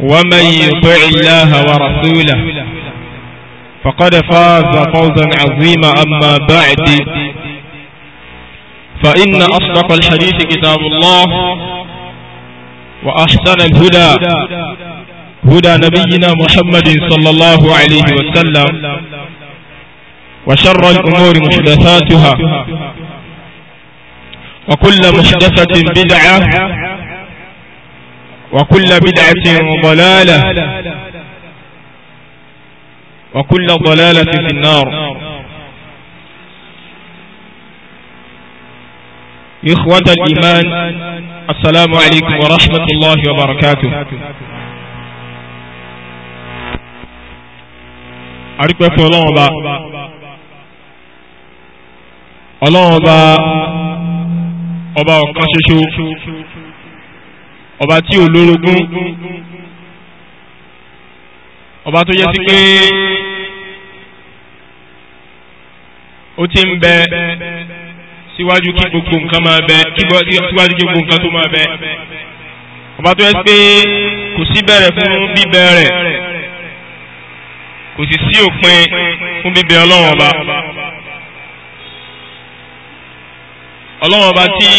ومن يطع الله ورسوله فقد فاز فوزا عظيما أما بعد فإن أصدق الحديث كتاب الله وأحسن الهدى هدى نبينا محمد صلى الله عليه وسلم وشر الأمور محدثاتها وكل محدثة بدعة وكل بدعة ضلالة وكل ضلالة في النار إخوة الإيمان السلام عليكم ورحمة الله وبركاته أركب فلان الله الله الله الله الله ṣoṣo ọba tí ò lórogún ọba tó yẹ sí pé ó ti ń bẹ síwájú kí gbogbo nǹkan máa bẹ síwájú kí gbogbo nǹkan tó máa bẹ ọba tó yẹ sí pé kò sí bẹ̀rẹ̀ fún bíbẹ rẹ̀ kò sì sí òpin fún bíbẹ ọlọ́run ọba ọlọ́run ọba tí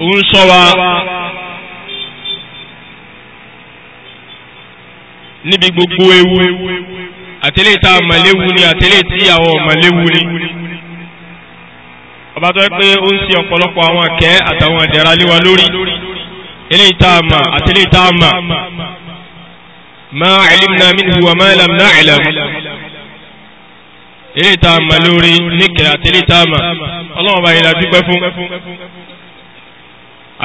ó ń sọ wa níbi gbogbo ewu àtẹlẹ tá a mọ̀léwu ni àtẹlẹ tí àwọn mọ̀léwu ni ọba tó yẹ pé ó ń ṣe ọ̀pọ̀lọpọ̀ àwọn akẹ́ àtàwọn àdẹ̀rà lé wa lórí eléyìí tá a mọ̀ àtẹlẹ tá a mọ̀ ma alimna minhu wa ma lam na'lam eléyìí tá a mọ̀ lórí níkẹ̀ẹ́ àtẹlẹ tá a mọ̀ ọlọ́run bá yẹ la dúpẹ́ fún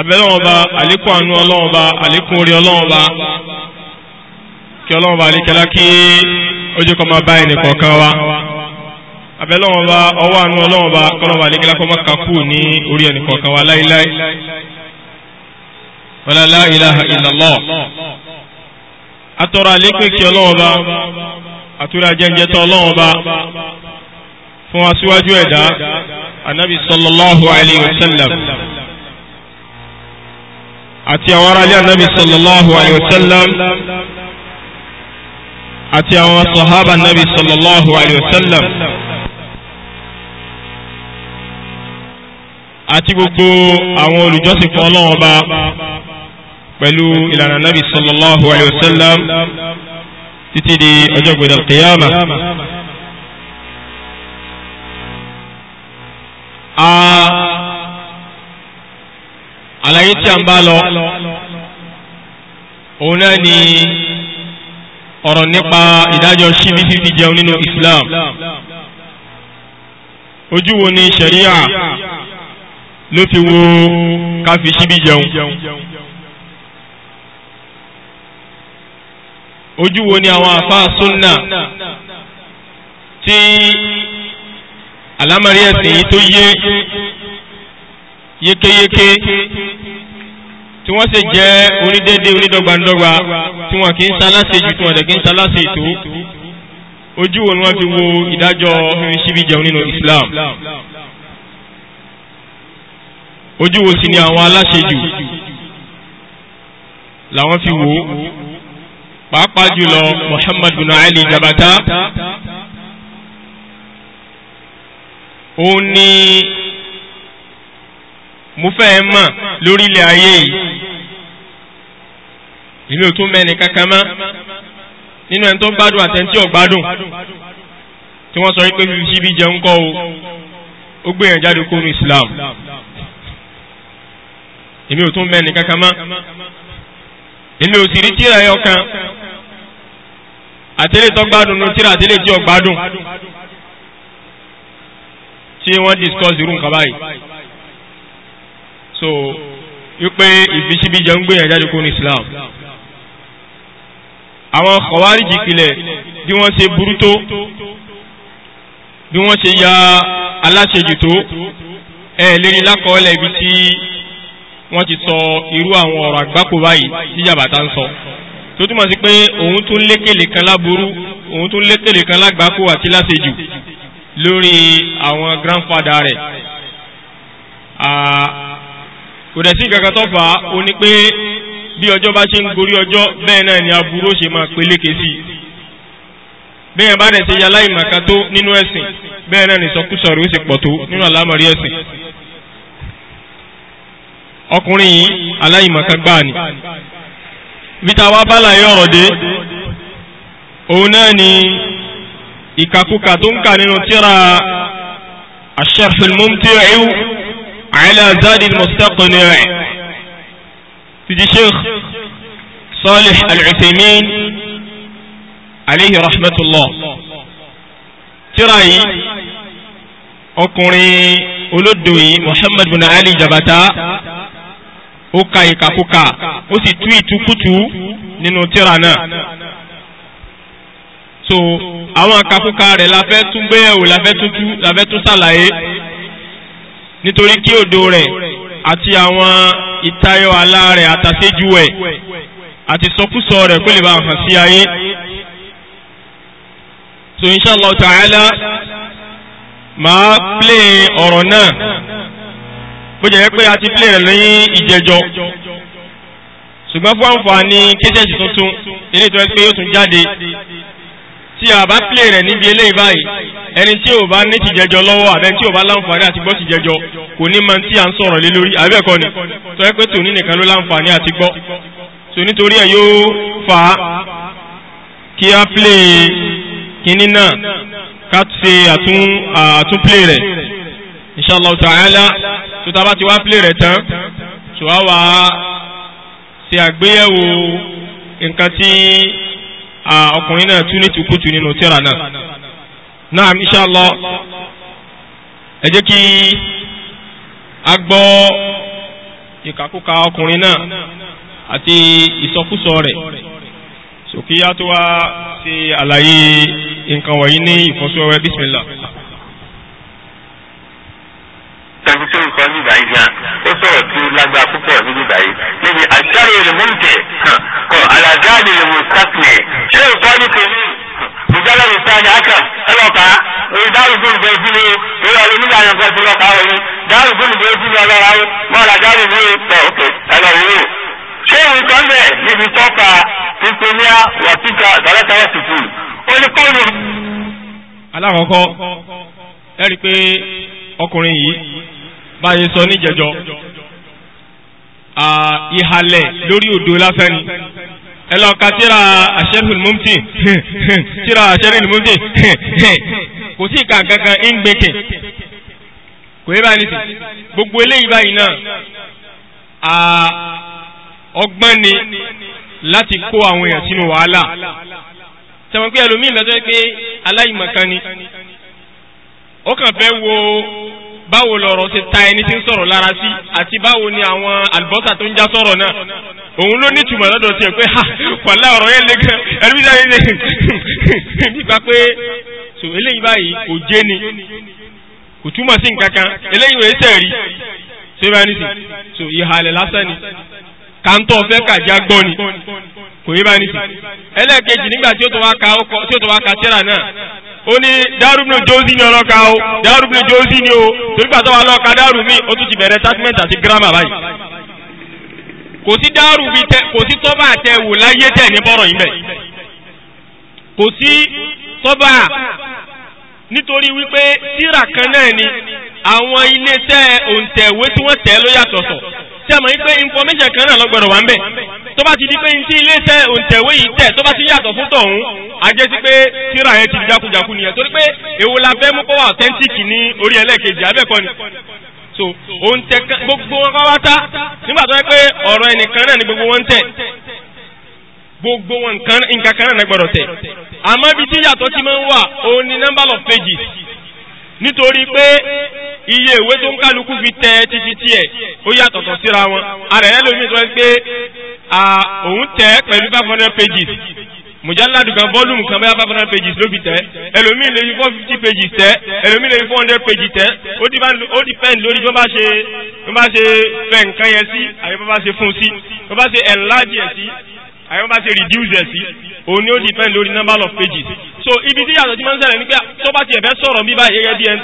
abẹ́lọ́wọ́n ba àlékún àánú ọlọ́wọ́n ba àlékún orí ọlọ́wọ́n ba kí ọlọ́wọ́n ba àlékẹ́lá kí ó bá ẹnì kọ̀ọ̀kan wa abẹ́lọ́wọ́n ba ọwọ́ àánú ọlọ́wọ́n ba kọ́lọ́wọ́n ba àlékẹ́lá kó máa kakú ní orí ẹnì kọ̀ọ̀kan wa láíláí wala la ilaha illallah atọ́rọ àlékún kí ọlọ́wọ́n ba àtúrà jẹ́njẹ́ tọ́ ọlọ́wọ́n fún wa síwájú ẹ̀dá anabi sallallahu alayhi wa àti àwọn ará ilé ànábì sallallahu alayhi wa sallam àti àwọn sọ̀hábà ànábì sallallahu alayhi wa sallam àti gbogbo àwọn olùjọ́sìn fún ọlọ́run ọba pẹ̀lú ìlànà ànábì sallallahu alayhi wa sallam títí di ọjọ́ gbẹ̀dẹ̀ kìyàmà. a àlàyé tí a ń bá lọ òun náà ni ọ̀rọ̀ nípa ìdájọ́ ṣíbí jẹun nínú Islam ojú wo ni ṣẹ̀ríà ló fi wo ká fi ṣíbí jẹun ojú wo ni àwọn àfáà súnnà tí àlámọ̀rí ẹ̀sìn yìí tó yé yékéyéké tí wọ́n sì jẹ́ onídéédé onídọ́gbandọ́gba tí wọ́n kì í ṣaláṣe jù tí wọ́n dẹ̀ kì í ṣaláṣe ètò ojú wo ni wọ́n fi wo ìdájọ́ fífi ṣíbí jẹun nínú Islam ojú wo sì ni àwọn aláṣẹ jù làwọn fi wò pàápàá jùlọ Muhammad bin Ali Jabata òun ni mo fẹ́ mọ̀ lórílẹ̀ ayé yìí ìmí ò tún mẹ́ni kankan mọ́ nínú ẹni tó gbádùn àtẹni tí ò gbádùn tí wọ́n sọ wípé fífi síbi jẹun kọ́ o ó gbéyàn jáde kó nu Islam èmi ò tún mẹ́ni kankan mọ́ èmi ò sì rí tíra ẹ ọkàn àtẹ́lẹ̀ tó gbádùn nu tíra àtẹ́lẹ̀ tí ò gbádùn tí wọ́n discuss irú nǹkan báyìí so wípé ìfisíbi jẹun gbéyàn jáde kó nu Islam. Islam àwọn kọ̀wárìjì pilẹ̀ bí wọ́n ṣe burú tó bí wọ́n ṣe ya aláṣejù tó ẹ̀ lérí lákọọ́lẹ̀ ibi tí wọ́n ti sọ irú àwọn ọ̀rọ̀ àgbákò báyìí tí jàbàtà ń sọ tó túmọ̀ sí pé òun tún lékèlè kan láburú òun tún lékèlè kan lágbákò àti láṣejù lórí àwọn grandfather rẹ̀ kò dẹ̀ sí ìkankan tó fà á ó ní pé bí ọjọ́ bá ṣe ń gorí ọjọ́ bẹ́ẹ̀ náà ni aburú ṣe máa peléke sí i bẹ́ẹ̀ bá dẹ̀ ṣe ya láìmàkà tó nínú ẹ̀sìn bẹ́ẹ̀ náà ni sọkúsọ̀rọ̀ ó sì pọ̀ tó nínú àlámọ̀rí ẹ̀sìn ọkùnrin yìí aláìmàkà gbáà ni vita wa bá láyé òun náà ni ìkàkùkà tó ń kà nínú tíra ash-sharh al-mumti'u ala zadi al ti di sheikh Salih Al-Uthaymin aleyhi rahmatullah tíra yìí ọkùnrin olódò yìí Muhammad bin Ali Jabata ó ka ìkàkúkà ó sì tú ìtukùtù nínú tíra náà so àwọn àkàkúkà rẹ̀ la fẹ́ tún gbéyẹ̀wò la fẹ́ tún tú la fẹ́ tún ṣàlàyé nítorí kí òdo rẹ̀ àti àwọn ìtayọ àlá rẹ̀ àtàséjú ẹ̀ àti sọkúsọ rẹ̀ kó lè bá hàn sí ayé so inshallah ta'ala máa plé ọ̀rọ̀ náà bó jẹ́ pé a ti plé rẹ̀ lẹ́yìn ìjẹjọ́ ṣùgbọ́n fún àǹfààní kéṣẹ́sì tuntun eléyìí tó pé yóò tún jáde tí a bá pílẹ̀ rẹ̀ níbi eléyìí báyìí ẹni tí ò bá ní tìjẹjọ lọ́wọ́ àbẹ́ tí ò bá láǹfààní àti gbọ́ tìjẹjọ kò ní máa tí a ń sọ̀rọ̀ lé lórí àbẹ́ẹ̀kọ́ ni tó yẹ pé tòní nìkan ló láǹfààní àti gbọ́ so nítorí ẹ̀ yóò fà á kí a pílẹ̀ kínní náà ká ṣe àtúnpílẹ̀ rẹ̀ inshallah ta'ala tó ta bá ti wá pílẹ̀ rẹ̀ tán tó wá wá ṣe àgbéyẹ̀wò nǹkan tí ọkùnrin náà tún ní tùkútù nínú tírà náà náà insha Allah ẹ jẹ́ kí a gbọ́ ìkàkùkà ọkùnrin náà àti ìsọkúsọ rẹ̀ sókè yá tó wá ṣe àlàyé nǹkan wọ̀nyí ní ìfọ́síwẹ́wẹ́ bísmìlá. ẹni tó ń sọ nígbà yìí gan ó sọ̀rọ̀ tí ó lágbára púpọ̀ nígbà yìí níbi القارئ الممتع على جانب المستثني شيء القارئ كبير mujalla mi sani aka ọlọpa orí dáàbò gbòòrò bẹẹ sí ni o orí ọlọ nígbà yẹn kọ́ sí lọ́pàá o ní dáàbò gbòòrò bẹẹ sí ni ọlọ́ra o mọ́ra dáàbò mi ò tọ̀ ọ̀kẹ́ ẹ̀rọ wúlò. ṣé ìwé kan bẹ̀ níbi tọ́ka tuntuniya wàtíkà dọ́lẹ́tàwọ̀ tuntun ó ní kọ́ọ̀nù. alákọ̀ọ́kọ́ ẹ rí i pé ọkùnrin yìí báyìí sọ ní jẹjọ ìhalẹ̀ lórí odò lásán ni ẹ lọ ka tíra àṣẹrìl mumti tíra àṣẹrìl mumti kò sí ìka kankan ń gbẹkẹ kò yẹ báyìí nìsí gbogbo eléyìí báyìí náà ọgbọ́n ni láti kó àwọn èèyàn sínú wàhálà tẹ̀wọ̀n pé ẹlòmíì lọ́jọ́ pé aláìmọ̀kan ni ó kàn fẹ́ wo báwo lọ̀rọ̀ ṣe ta ẹni tí ń sọ̀rọ̀ lára sí àti báwo ni àwọn àlùbọ́sà tó ń já sọ̀rọ̀ náà òun ló ní ìtumọ̀ lọ́dọ̀ tiẹ̀ pé ha wàlá ọ̀rọ̀ yẹn lé gan ẹ̀rú ìjà yẹn lé nípa pé so eléyìí báyìí kò jẹ́ ni kò túmọ̀ sí nǹkan kan eléyìí wòye sẹ̀ rí ṣé bá nìsín so ìhàlẹ̀ lásán ni kàńtọ́ fẹ́ kàjá gbọ́ ni kò yé bá nìsín ẹlẹ́ẹ̀kejì nígbà tí ó tó wá ka tẹ́rà náà ó ní dárúbùnú jósì ni ọlọ́ka o dárúbùnú jósì ni o torí pàtó wa lọ́ka dárú mi ó tún ti bẹ̀rẹ̀ sátímẹ́ǹtì àti gírámà báyìí kò sí dárú mi tẹ kò sí tọ́ba àtẹ wò láyé tẹ̀ ní bọ́rọ̀ yìí bẹ̀ kò sí tọ́ba nítorí wípé tíra kan náà ni àwọn iléeṣẹ́ òǹtẹ̀wé tí wọ́n tẹ̀ ló yàtọ̀ sọ̀ tí a mọ̀ yí pé information kan náà lọ́gbọ̀dọ̀ wà ń bẹ̀ tó bá ti di pé tí iléeṣẹ́ òǹtẹ̀wé yìí tẹ̀ tó bá ti yàtọ̀ fún tọ̀hún ajẹ́ sí pé tíra yẹn ti di jákujàku nìyẹn torí pé èwo la fẹ́ mú kó wà authentic ní orí ẹlẹ́ẹ̀kejì abẹ́kọ ni so òǹtẹ̀ gbogbo wọn pátá nígbà tó yẹ pé ọ̀rọ̀ ẹnìkan náà ni gbogbo wọn tẹ̀ gbogbo wọn nǹkan kan náà gbọ́dọ̀ tẹ̀ àmọ́ ibi tí yàtọ̀ ti máa ń wà òun ni number of pages nítorí pé iye ìwé tó ń kálukú fi tẹ títí tiẹ̀ ó yàtọ̀tọ̀ síra wọn ara ẹ̀ lómi sọ pé òun tẹ̀ pẹ̀lú five hundred pages mujalladu kan volume kan bẹ́ẹ̀ five hundred pages ló fi tẹ̀ ẹlòmíì lè fi four fifty pages tẹ̀ ẹlòmíì lè fi four hundred pages tẹ̀ ó depend lórí bí wọ́n bá ṣe bí wọ́n bá ṣe fẹ́ nǹkan yẹn sí àyè bí wọ́n bá ṣe fún un sí bí wọ́n bá ṣe enlarge yẹn sí àwọn bá ṣe reduce ẹ̀ sí òun ni ó depend lórí number of pages so ibi tí yàtọ̀ tí máa ń ṣẹlẹ̀ nípa tó bá tiẹ̀ fẹ́ sọ̀rọ̀ bí báyìí gẹ́gẹ́ bí ẹni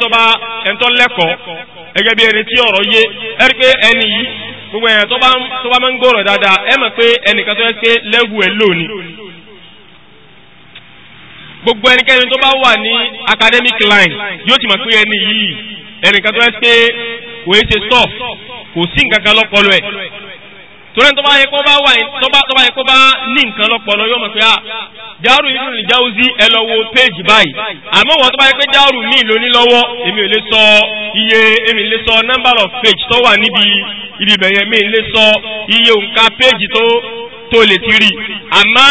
tó lẹ́kọ̀ọ́ gẹ́gẹ́ bí ẹni tí ọ̀rọ̀ yé ẹ rí pé ẹni yìí gbogbo ẹ̀yàn tó bá máa ń gbọ́rọ̀ dáadáa ẹ mọ̀ pé ẹnìkan tó yẹ pé lẹ́wù ẹ̀ lónìí gbogbo ẹnikẹ́ni tó bá wà ní academic line yóò ti mọ̀ pé ẹni yìí ẹnìkan tó yẹ pé kò é ṣe stop kò sí nǹkan kan lọ́pọlọ ẹ̀ torí tó bá yẹ kó bá wà tó bá tó bá yẹ kó bá ní nǹkan lọ́pọ̀lọ́ yóò mọ̀ pé à jáàrù ibùdó ní jáúzí ẹ lọ wo péèjì báyìí àmọ́ wọ́n tó bá yẹ pé jáàrù míì lóní lọ́wọ́ èmi ò lè sọ iye èmi lè sọ number of page tó wà níbi ibi ìbẹ̀yẹn mi lè sọ iye òǹkà page tó tó lè ti rí àmọ́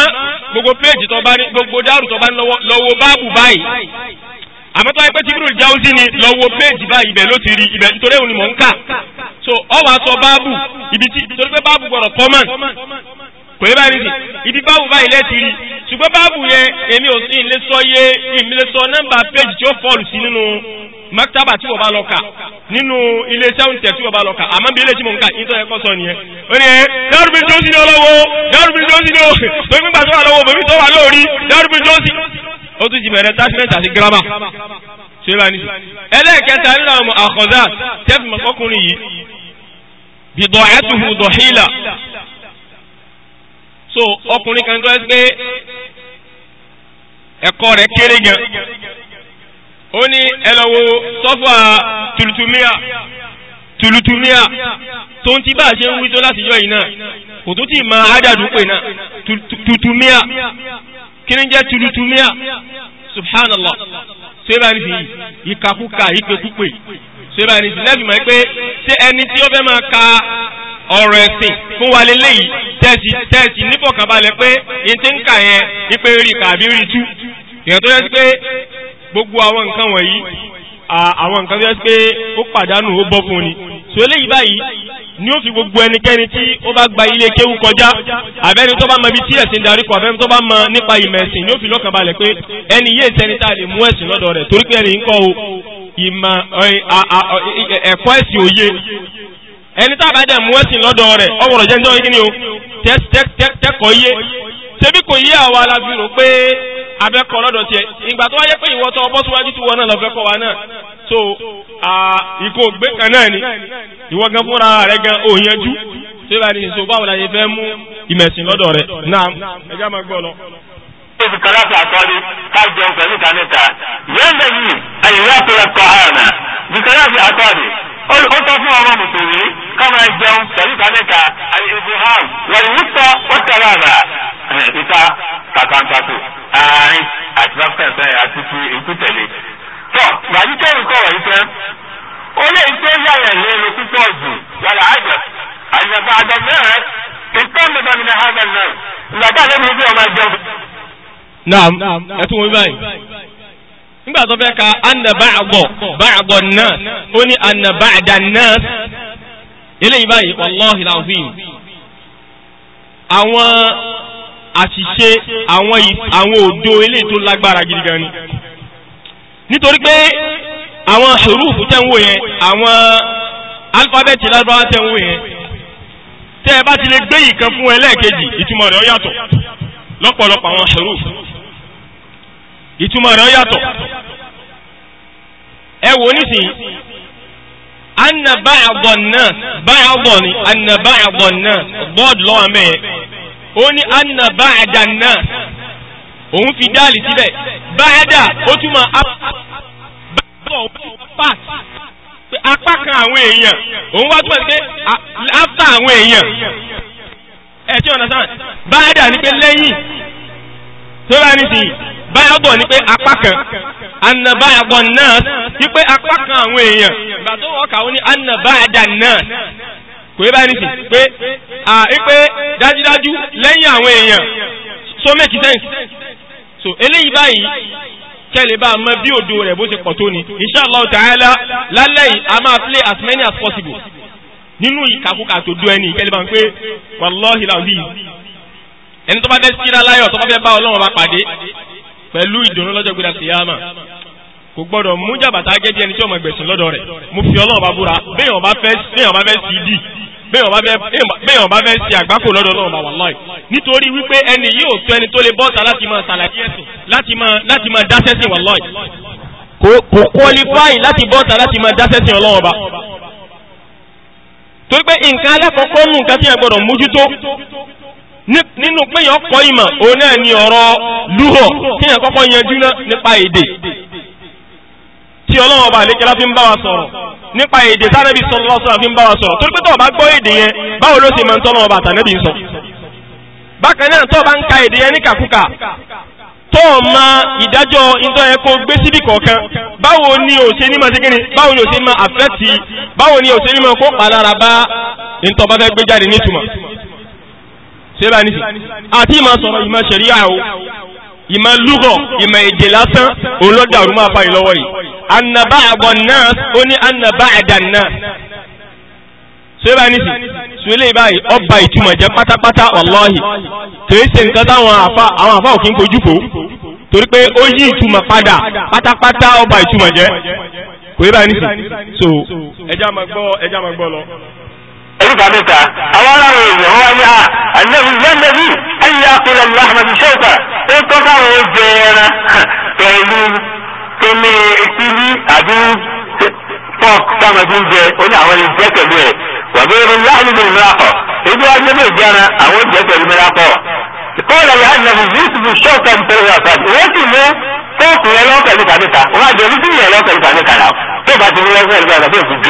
gbogbo péèjì tó bá ní gbogbo jáàrù tó bá ní lọ́wọ́ lọ́wọ́ báàbù báyìí àmọ́tọ́ ẹgbẹ́ tí bírùn jáúzí ni lọ́wọ́ péèjì báyìí ibẹ̀ ló ti rí ibẹ̀ nítorí òun ni mò ń kà so ọ wàá sọ báàbù ibi tí torí pé báàbù gbọ́dọ̀ kọ́mọ̀n kò yẹ báyìí nìyí ibi báàbù báyìí lẹ́ẹ̀tì rí ṣùgbọ́n báàbù yẹn èmi ò sí ilé sọ yé èmi lè sọ nọ́mbà péèjì tí ó fọ́ọ̀lù sí nínú maktaba tí wọ́n bá lọ kà nínú ilé sẹ́wọ̀ntẹ̀ tí wọ́n bá lọ kà àmọ́ bí ilé tí mo ń kà ní tọ́yẹ kọ́ sọ nìyẹn ó ní ẹ dárúbí jósìn ní ọlọ́wọ́ dárúbí jósìn ní ọ̀hún tó ń gbà tó wà tó wà lórí dárúbí jósìn ó tún ti bẹ̀rẹ̀ attachment àti grammar ṣe bá ní sí ẹlẹ́ẹ̀kẹta nínú àwọn àkọ́dá tẹ́fì mọ́kọ́kùnrin yìí bìdọ̀ ẹ̀tùhù dọ̀hílà so ọkùnrin kan tó ẹ́ pé ẹ̀kọ́ rẹ̀ kéré gan ó ní ẹlọ́wọ́ sọ́fà tùlùtùmíà tùlùtùmíà tó ń ti bá ṣe ń wí tó láti yọ yìí kò tó ti máa ájàdùn pè náà tùlùtùmíà kíní jẹ́ tulutumia subhanallah ṣé ni, ní sí ìkàkúkà ìpèkúpè ṣé bá ní sí lẹ́bi mọ́ pé ẹni tí ó fẹ́ máa ka ọ̀rọ̀ ẹ̀sìn fún wa lélẹ́yìí tẹ̀sí tẹ̀sí nífọ̀kànbalẹ̀ pé ní ti ń kà yẹn ní pé rí kàbí rí tú ìyẹn tó yẹ sí pé gbogbo àwọn nǹkan wọ̀nyí àwọn nǹkan tó yẹ pé ó pàdánù ó bọ́ fún ni so eléyìí báyìí ni ó fi gbogbo ẹnikẹ́ni tí ó bá gba ilé kéwú kọjá àbẹ́ni tó bá mọ ibi tí ẹ̀sìn darí àbẹ́ni tó bá mọ nípa ìmọ̀ ẹ̀sìn ni ó fi lọ́kàn balẹ̀ pé ẹni yé ìsẹ́ni tá a lè mú ẹ̀sìn lọ́dọ̀ rẹ̀ torí pé ẹni ń kọ́ o ẹ̀kọ́ ẹ̀sìn òye ṣebí kò yí àwa la fi rò pé abẹ́kọ̀ lọ́dọ̀ tiẹ̀ ìgbà tó wáyé pé ìwọ tó bọ́ síwájú tí wọn náà lọ́fẹ́ kọ́ wa náà so ìkó gbé kan náà ni ìwọ gan fúnra rẹ gan ò tó bá ní sọ báwo la yẹ fẹ́ mú ìmẹ̀sìn lọ́dọ̀ rẹ náà ẹjọ́ máa gbọ́ lọ tóbi kan láti àkọ́lé ká jẹun pẹ̀lú kanita yẹ́nbẹ̀ yìí àyíwá tó lọ kọ́ àrùnà bìkan láti àkọ́lé ó tọ́ fún ọmọ mùsùlùmí káwọn ẹjẹun pẹ̀lú kanita àyíwáhàn wọ́n yìí tọ́ ó tẹ̀lé àrà ìta kàkàǹtàkù àárín àti báfẹ́ǹfẹ́ àti ti ìkútẹ̀lé. tọ́ gbàdí kẹ́rin kọ́ wọ̀nyí fẹ́ ó lè ṣe yàrá lẹ́nu púpọ̀ jù yàrá àjọ àyàbá àjọ mẹ́rin ìtọ́ mi bá mi ní hàn náà ìgbà tá a lè mú bí ọmọ ẹjọ́ naam ẹtù wọn báyìí nígbà tó fẹ́ ka anna ba'dha ba'dha an-nas ó ní anna ba'da an-nas eléyìí báyìí wallahi al-azim àwọn àṣìṣe àwọn àwọn òdo eléyìí tó lágbára gidi gan ni nítorí pé àwọn hurufu tẹ́ ń wò yẹn àwọn alifábẹ́ẹ̀tì lágbára tẹ́ ń yẹn tẹ́ ẹ bá ti lè gbé yìí kan fún ẹlẹ́ẹ̀kejì ìtumọ̀ rẹ̀ ó yàtọ̀ lọ́pọ̀lọpọ̀ àwọn hurufu ìtumọ̀ rẹ̀ yàtọ̀ ẹ wò nísìnyí anna báyàbọ̀ náà báyàbọ̀ ni anna báyàbọ̀ náà bọ́ọ̀dù lọ́wọ́ mẹ́ẹ̀ ó ní anna báyàdà náà òun fi dáàlì síbẹ̀ báyàdà ó túmọ̀ apá kan àwọn èèyàn òun wá túmọ̀ sí pé after àwọn èèyàn ẹ̀ tí ọ̀nà sáà báyàdà ni pé lẹ́yìn sọ́ra ní ti báyà bọ̀ ní pé apá kan anabáyà bọ̀ náà sí pé apá kan àwọn èèyàn ìgbà tó wọ́n kàwé ní anabáyà dà náà kò yẹ báyà ní ti pé à pé dájúdájú lẹ́yìn àwọn èèyàn so make sense so eléyìí báyìí kẹ́lẹ̀ bá mọ bí òdo rẹ̀ bó ṣe pọ̀ tó ni insha Allah lálẹ́ yìí a máa play as many as possible nínú ìkàkùkà tó dún ẹni kẹ́lẹ̀ bá ń pé wàlọ́hìlà bíi ẹni tó bá fẹ́ síra láyọ̀ tó bá fẹ́ bá ọlọ́run bá pàdé pẹ̀lú ìdùnnú lọ́jọ́ gbéra kìyàmà kò gbọ́dọ̀ mú jàbàtà gẹ́gẹ́ ẹni tí ọmọ ẹgbẹ̀sìn lọ́dọ̀ rẹ̀ mo fi ọlọ́run bá búra béèyàn bá fẹ́ sí dì béèyàn bá fẹ́ sí àgbákò lọ́dọ̀ ọlọ́run bá wà lọ́ọ̀ nítorí wípé ẹni yóò tó ẹni tó lè bọ́ta láti máa ṣàlàyé ẹ̀sìn láti máa dáṣẹ́sìn wà lọ́ọ̀ kò kọ́lifáì láti bọ́ta láti máa dáṣẹ́sìn ọlọ́run bá torí pé nǹkan alákọ̀ọ́kọ́ nù nǹkan gbọ́dọ̀ mójútó nínú pé yàn kọ́ ìmọ̀ òun náà ni ọ̀rọ̀ lúhọ̀ kí yàn kọ́kọ́ yanjú nípa èdè tí ọlọ́run ọba àlékẹ́lá fi ń bá wa sọ̀rọ̀ nípa èdè tánẹ́bí sọ̀rọ̀ lọ́sọ̀rọ̀ fi ń bá wa sọ̀rọ̀ torí pé tó bá gbọ́ èdè yẹn báwo ma ìdájọ́ ìtọ́ ẹ̀kọ́ gbé síbì kọ̀ọ̀kan báwo ni ò ṣe ní máa ṣe kí ni báwo ni ò ṣe ní máa àfẹ́tì sẹ́bà ní sí àti ìmọ̀ sọ̀rọ̀ ìmọ̀ ṣẹ̀ríà o ìmọ̀ lúgọ̀ ìmọ̀ èdè lásán òun ló dàrú máa fa ìlọ́wọ́ yìí annaba àgbọ̀ náà ó ní annaba àdà náà sẹ́bà ní sí sùlẹ̀ báyìí ọba ìtumọ̀ jẹ́ pátápátá wàláhì kìí ṣe nǹkan táwọn àfa àwọn àfa òkín kojú kò torí pé ó yí ìtumọ̀ padà pátápátá ọba ìtumọ̀ jẹ́ kò yẹ báyìí ní so ẹja máa gbọ́ ẹja máa gbọ́ lọ oríta mẹ́ta àwọn aláwọ̀ èèyàn wá ní ànábi lẹ́nẹ́bí ayé àpẹẹrẹ muhammed ṣèkà ó tọ́ káwọn ó jẹ ẹran pẹ̀lú pẹ̀lú ìpínlẹ̀ àbí pork táwọn ẹbí ń jẹ ó ní àwọn ẹni jẹ pẹ̀lú ẹ̀ wàbí ẹni láàánú mi nira kọ̀ ebi wa ní bẹ́ẹ̀ jẹran àwọn jẹ pẹ̀lú mi lápọ̀ ìkọ́lẹ̀ yà ànábi yusuf ṣèkà ń tẹ̀lé ọ̀sán ìwé sì mú pọ́ọ̀kù yẹn lọ́kẹ̀lú kàmíkà wọ́n á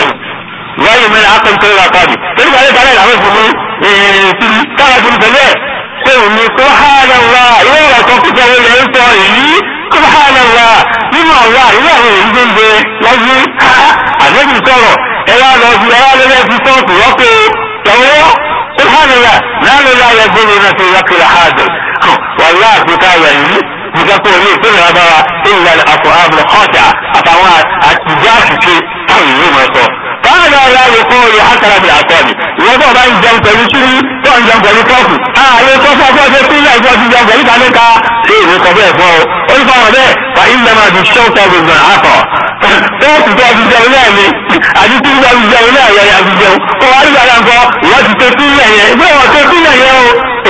jẹ orí wáyé mẹ́rin akọ̀ nítorí wà pàdé torí wàlẹ́ ìbálẹ̀ làwọn ìfún mi ìrìn kára fún tẹ̀lé pé òní kó hánà wá ìwé ìwà tó kúta wọn lè ń sọ èyí kó hánà wá nínú àwa ìwé àwọn èyí tó ń gbé lọ́sí àdébì sọ̀rọ̀ ẹ wá lọ sí ẹ wá lọ́lẹ́ fi sọ́ọ̀tù lọ́pẹ́ tọ́wọ́ kó hánà wá lálẹ́ láyé gbóni náà tó yá kíra hádùn wàlá àkútà wà yìí nígbà tó ní ìpínlẹ̀ abára ìlànà àfọ̀ àbùrọ̀ kọ́ọ̀tà àtàwọn àtijọ́ àṣìṣe táwọn ìlú mọ̀ sọ hàdà ọ̀la yóò kọ́ òye hàkàrà bìlà ìwọ́n tó ọba ń jẹun pẹ̀lú ṣírí tó ń jẹun pẹ̀lú kọ́ọ̀kù ààrẹ kọ́kọ́ fọ́ ṣe sí ilé ti jẹun pẹ̀lú kàníkà sí ìwé bẹ́ẹ̀ fọ́ o ní fáwọn bẹ́ẹ̀ fà ìlànà àti ṣọ́ọ̀tà gbogbo àkọ́ fóòtù tó ti jẹun náà ni àti tí ti jẹun náà yẹ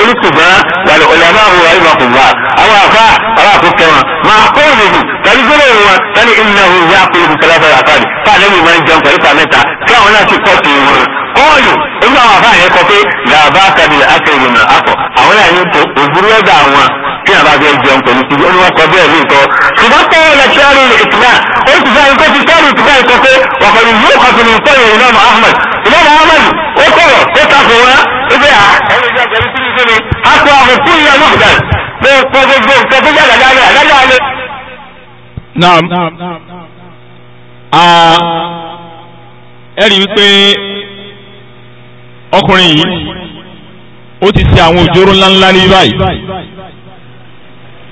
olùkùnbá wàlẹ̀ ọ̀làmá àwọn àyùbákùnbá àwọn àfa àwọn àkókò wọn máa kó òdòdó tàbí gbọ́dọ̀ wọn tani ìnáwó ìyá àkóyèkù kẹlẹ́fẹ́ àkàlẹ̀ fáàlẹ́ mi máa ń jẹun pẹ̀lú pàmẹ́ta kí àwọn náà ti kọ́ sí wọn. kọ́ọ̀lù ojú àwọn àfa yẹn kọ pé làbá kabilẹ̀ akẹ́yìn náà akọ àwọn náà yẹn kó òbúrú ẹ̀dá àwọn tí a bá fẹ́ jẹun pẹ̀lú ti olúwa kọ bẹ́ẹ̀ ní nǹkan. ṣùgbọ́n kọ́ ọ̀la tíárì ìtura ó ti fẹ́ nǹkan ti tíárì ìtura ìkọ́ pé wàkàlù yóò kọ́ ní nǹkan yẹn ìnáwó ahmed ìnáwó ahmed ó kọ̀rọ̀ ó takò wọn ó à ẹni jẹ́ pẹ̀lú fún mi akọ àbùkù yẹn ló dà mo kọ gbogbo nǹkan tó yà dàda rẹ dàda rẹ. naam ah, ẹ rí i pé ọkùnrin yìí ó ti ṣe àwọn òjòrò ńláńlá ní báyìí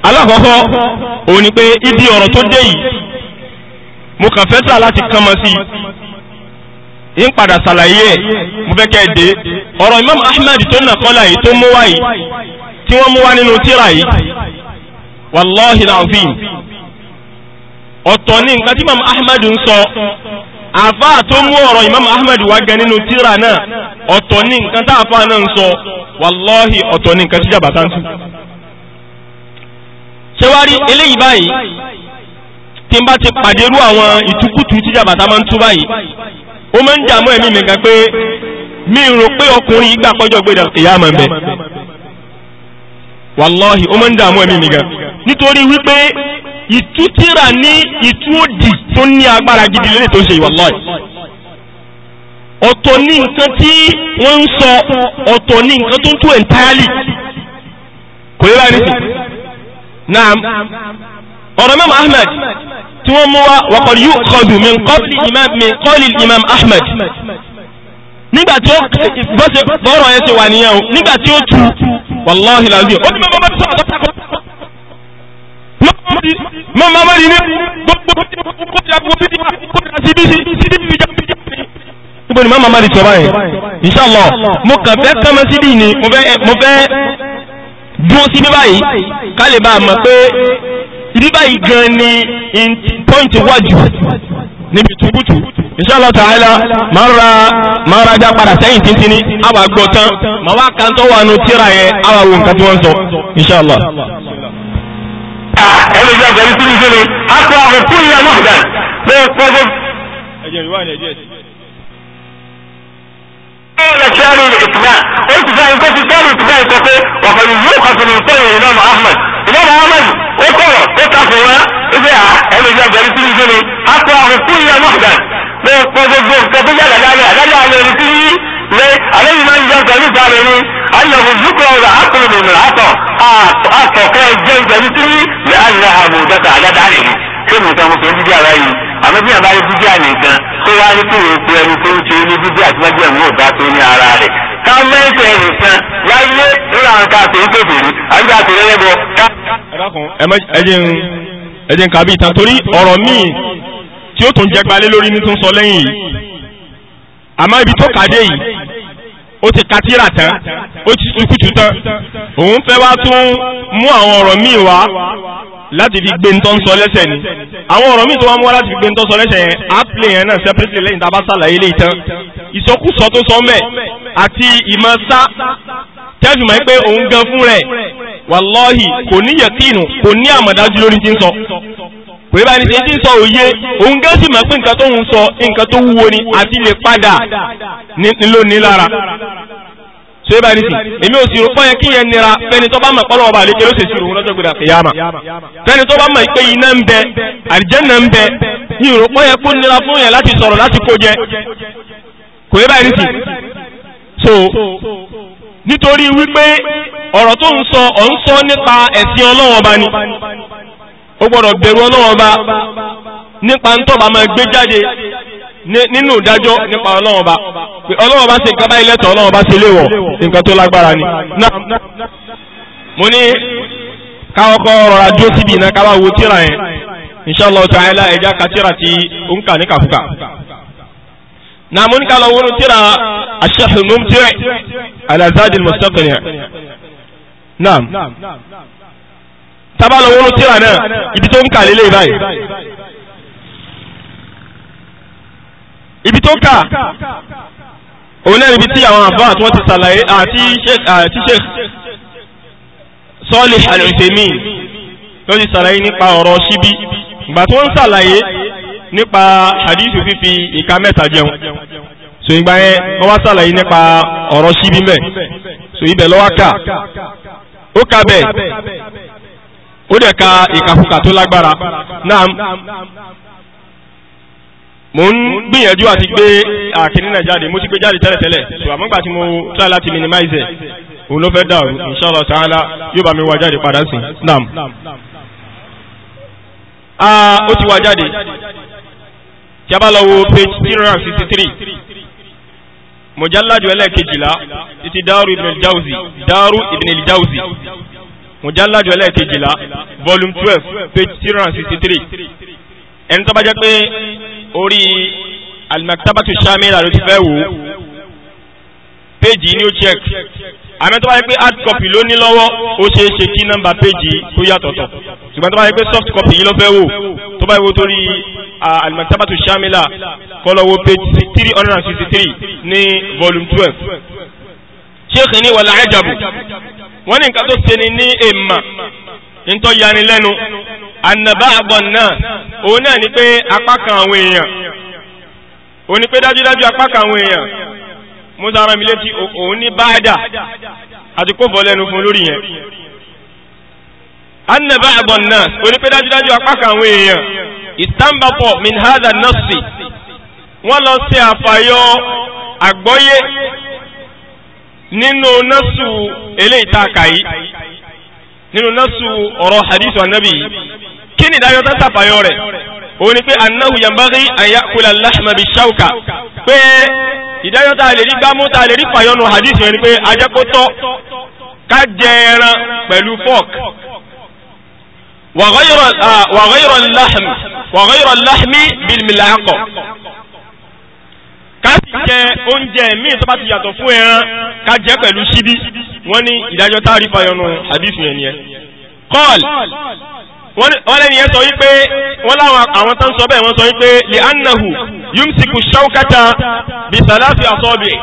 alákọ̀ọ́kọ́ òun ni pé ibi ọ̀rọ̀ tó dé yìí mo kàn fẹ́ tà láti kàn mọ́ sí i. ń padà ṣàlàyé ẹ̀ mo ọ̀rọ̀ Imam Ahmed tó nà kọ́lá yìí tó mú wá yìí tí wọ́n mú wá nínú tíra yìí ọ̀tọ̀ ní nǹkan tí Imam Ahmed ń sọ àfá tó mú Imam Ahmed wá gan nínú tíra náà ọ̀tọ̀ ní nǹkan tá àfá náà ń sọ wàláhì ọ̀tọ̀ ní nǹkan ó máa ń dààmú ẹ̀mí mi kan pé mi rò pé ọkùnrin ìgbà pọ́jọ́ gbé ìyá àmọ́ bẹ́ẹ̀ wàláhì ó máa ń dààmú ẹ̀mí mi kan nítorí wípé ìtú ní tó ní agbára gidi lélẹ̀ tó ń ṣe wàláhì ọ̀tọ̀ ní nǹkan tí wọ́n ń sọ ọ̀tọ̀ ní nǹkan tó ń tú entirely kò yẹ báyìí ọ̀rọ̀ mẹ́mọ̀ Ahmed tí wọ́n mú wá wọ́kọ̀ yóò kọdù min kọ́lì imam ahmed nígbà tí ó bọ́rọ̀ ẹ̀ ṣe wà níyàn o nígbà tí ó tu wàláhì làbí ó ní mọ́mọ́ tí sọ̀rọ̀ tọ́kọ̀ mọ́mọ́ mọ́rí ní gbogbo kó ti àbúkó bíi kó ti àti bíi sídí bíi jọ bíi jọ níbo ni mọ́mọ́ mọ́rí sọ báyìí inshallah mo kàn fẹ́ kọ́mọ sídìí ni mo fẹ́ dúró sí bí báyìí ká lè bá a mọ̀ pé ibi báyìí gan ni pọ́ǹtì wájú níbi tubutu inshallah ta'ala máa ń ra padà sẹ́yìn títí ní àwa gbọ́ tán màá wá kan tó wà nù tíra yẹn àwa nǹkan tí sọ inshallah. ẹni jẹ́ àgbẹ̀rí sínú ìṣẹ̀lẹ̀ akọ àwọn fún ìyá náà dà pé pẹ́ẹ́pẹ́. ẹ̀jẹ̀ ìwà ni ẹ̀jẹ̀ ẹ̀jẹ̀. ọ̀rẹ́ na ìtumá ó ti sọ ẹni ti sẹ́ni ìtumá ìtọ́pẹ́ ọ̀pẹ̀lú yóò kàtó ìtọ́yẹ̀ ìlànà Ahmed ìbára ahmed ó kọ̀rọ̀ ó takò wá ibi à ẹni ìjọba ẹni tí nìjọ ni a kọ àwọn kú ìyá mọ̀gàn pé kọ gbogbo nǹkan tó yàgà dáre àdájọ́ àwọn ẹni tí yí lé àlejò máa ń jẹ ọgbà nípa rẹ ni ayọ̀kùn dúkùrọ̀ rẹ̀ àkùnrin nìmìlà àtọ̀ àtọ̀kẹ́ jẹ́ ìjọba ẹni tí yí lé àyà àwọn òjọta àdáda rẹ̀ ni pé mo sọ mo fi dídí ara yìí àmọ́ bí àbáyé dídí àná nǹkan tó wá ní kí òun pe ẹni tó ń ṣe ní dídí àtúwájú ẹ̀ ń wò tó ní ara rẹ̀ ká mẹ́sẹ̀ ẹ̀rù kan láyé lórí àwọn ká àtẹ̀yìn tó fèrè àbí àtẹ̀yìn ẹ̀bọ. ẹ jẹ́ ń kàbí ìtàn torí ọ̀rọ̀ míì tí ó tún jẹ́ gbalẹ́ lórí ní tó ń sọ lẹ́yìn yìí àmọ́ ibi tó kàdé yìí ó ti katira tán ó ti sukutu tán òun fẹ́ wá tún mú àwọn ọ̀rọ̀ míì wá láti fi gbé ntọ́ nsọ lẹ́sẹ̀ ni àwọn ọ̀rọ̀ míì tó wá mú wá láti fi gbé ntọ́ sọ lẹ́sẹ̀ yẹn á pè yẹn náà separately lẹ́yìn tá a bá sàlàyé lè tán ìsọkúsọ tó sọ mẹ́ẹ̀ àti ìmọ̀ sá tẹ́fì máa ń pé òun gan fún rẹ̀ wàlọ́hì kò ní yẹ̀kínù kò ní àmọ̀dájú lórí tí ń sọ kò yẹ báyìí ṣe tí ń sọ òye òun gan sì máa pé nǹkan tó ń sọ nǹkan tó wúwo ni àti lè padà nílò ní lára tó yẹ báyìí sì èmi ò sì rò pọ́ yẹ kí yẹn nira fẹ́ni tó bá mọ̀ pọ́lọ́ ọba àlejò ló ṣe òun lọ́jọ́ gbèrà kìyàmà fẹ́ni tó bá mọ̀ pé iná ń bẹ àlìjẹ́nà ń bẹ ìròpọ̀ yẹ kó nira fún yẹn láti sọ̀rọ̀ láti kó jẹ kò yẹ báyìí sì so nítorí wípé ọ̀rọ̀ tó ń sọ ọ̀ ń sọ nípa ẹ̀sìn Ọlọ́run Ọba ni ó gbọ́dọ̀ bẹ̀rù Ọlọ́run Ọba nípa ń tọ́ba máa gbé jáde nínú ìdájọ́ nípa Ọlọ́run Ọba pé Ọlọ́run Ọba ṣe nǹkan báyìí lẹ́tọ̀ọ́ Ọlọ́run Ọba ṣe léèwọ̀ nǹkan tó lágbára ni. mo ní káwọn kọ́ ọrọ dúró síbi iná káwá wo tíra yẹn inshallah ta'ala ẹ̀já ka tíra ti ó ń kà ní kàfúkà. na mun kala wani tira a shekhu mumtir alazadi mustaqni na'am tabala wani tira náà ibi tó ń kà lélẹ̀ báyìí ibi tó kà òun náà ibi tí àwọn àbá àti wọ́n ti sàlàyé àti sheikh Salih Al-Uthaymeen ló ti sàlàyé nípa ọ̀rọ̀ síbí ìgbà tí ń sàlàyé nípa hadithu fífi ìka mẹ́ta jẹun so ìgbà yẹn wọ́n wá sàlàyé nípa ọ̀rọ̀ síbí mẹ́ so ibẹ̀ lọ́wọ́ kà ó kà bẹ́ẹ̀ ó dẹ̀ ka ìkàkùkà tó lágbára náà mo ń gbìyànjú àti gbé àkíní náà jáde mo ti gbé jáde tẹ́lẹ̀tẹ́lẹ̀ so àmọ́ gbà tí mo try láti minimize ẹ̀ òun ló fẹ́ dà òru inshallah ta'ala yóò bá mi wá jáde padà sí náà ah, ó ti wá jáde tí a bá lọ wo page three hundred and sixty three mujalladu ẹlẹ́ẹ̀kejìlá títí Daaru Ibn al-Jawzi Daaru Ibn al-Jawzi mujalladu ẹlẹ́ẹ̀kejìlá volume twelve page three hundred and sixty three ẹni tó bá jẹ́ pé orí al-Maktabatu Shamila ló ti fẹ́ wò ó page yìí ni ó check àmì tó bá pé hard copy ló ní lọ́wọ́ ó ṣe é ṣe kí nọ́mbà péjì kó yàtọ̀tọ̀ ṣùgbọ́n tó bá pé soft copy yìí ló fẹ́ wò tó bá wò torí a alimantabatu shamila kọlọwọ page three hundred and sixty three ní volume twelve sheikh ni wàlá ajabu wọ́n ní nǹkan tó ṣe ni ní èèmà ntọ́ yani lẹ́nu ànàbà àbọ̀ náà òun náà ni pé apá kan àwọn èèyàn òun ni pé dájúdájú apá kan àwọn èèyàn musa ara mi létí òun ní báàdà àti kó bọ́ lẹ́nu fún lórí yẹn ànàbà àbọ̀ òun ni pé dájúdájú apá kan àwọn èèyàn ìtàǹbàpọ̀ min hadha nọ́ọ̀sì wọ́n lọ sí àfàyọ àgbọ́yé nínú nọ́ọ̀sù eléyìí tá a yìí nínú nọ́ọ̀sù ọ̀rọ̀ hadith anabi yìí kí ni ìdájọ́ tó sàfàyọ rẹ̀ òun ni pé annahu yanbaghi an ya'kula al-lahma bish-shawka pé ìdájọ́ tá a lè rí gbámú tá a rí fàyọnu hadith yẹn ni pé ajẹ́kótọ́ ká jẹ ẹran pẹ̀lú fọ́ọ̀kì. وغير وغير اللحم وغير اللحم بالملعقة ká jẹ oúnjẹ míì tó bá ti yàtọ̀ fún ẹran ká jẹ pẹ̀lú ṣíbí wọ́n ní ìdájọ́ tá a rí fayọnu àdífì yẹn nìyẹn. kọ́ọ̀lì wọ́n lẹ́nu yẹn sọ wípé wọ́n láwọn àwọn tó ń sọ bẹ́ẹ̀ wọ́n sọ wípé li annahu yumsiku shaukata bisalasi asọ́bìrì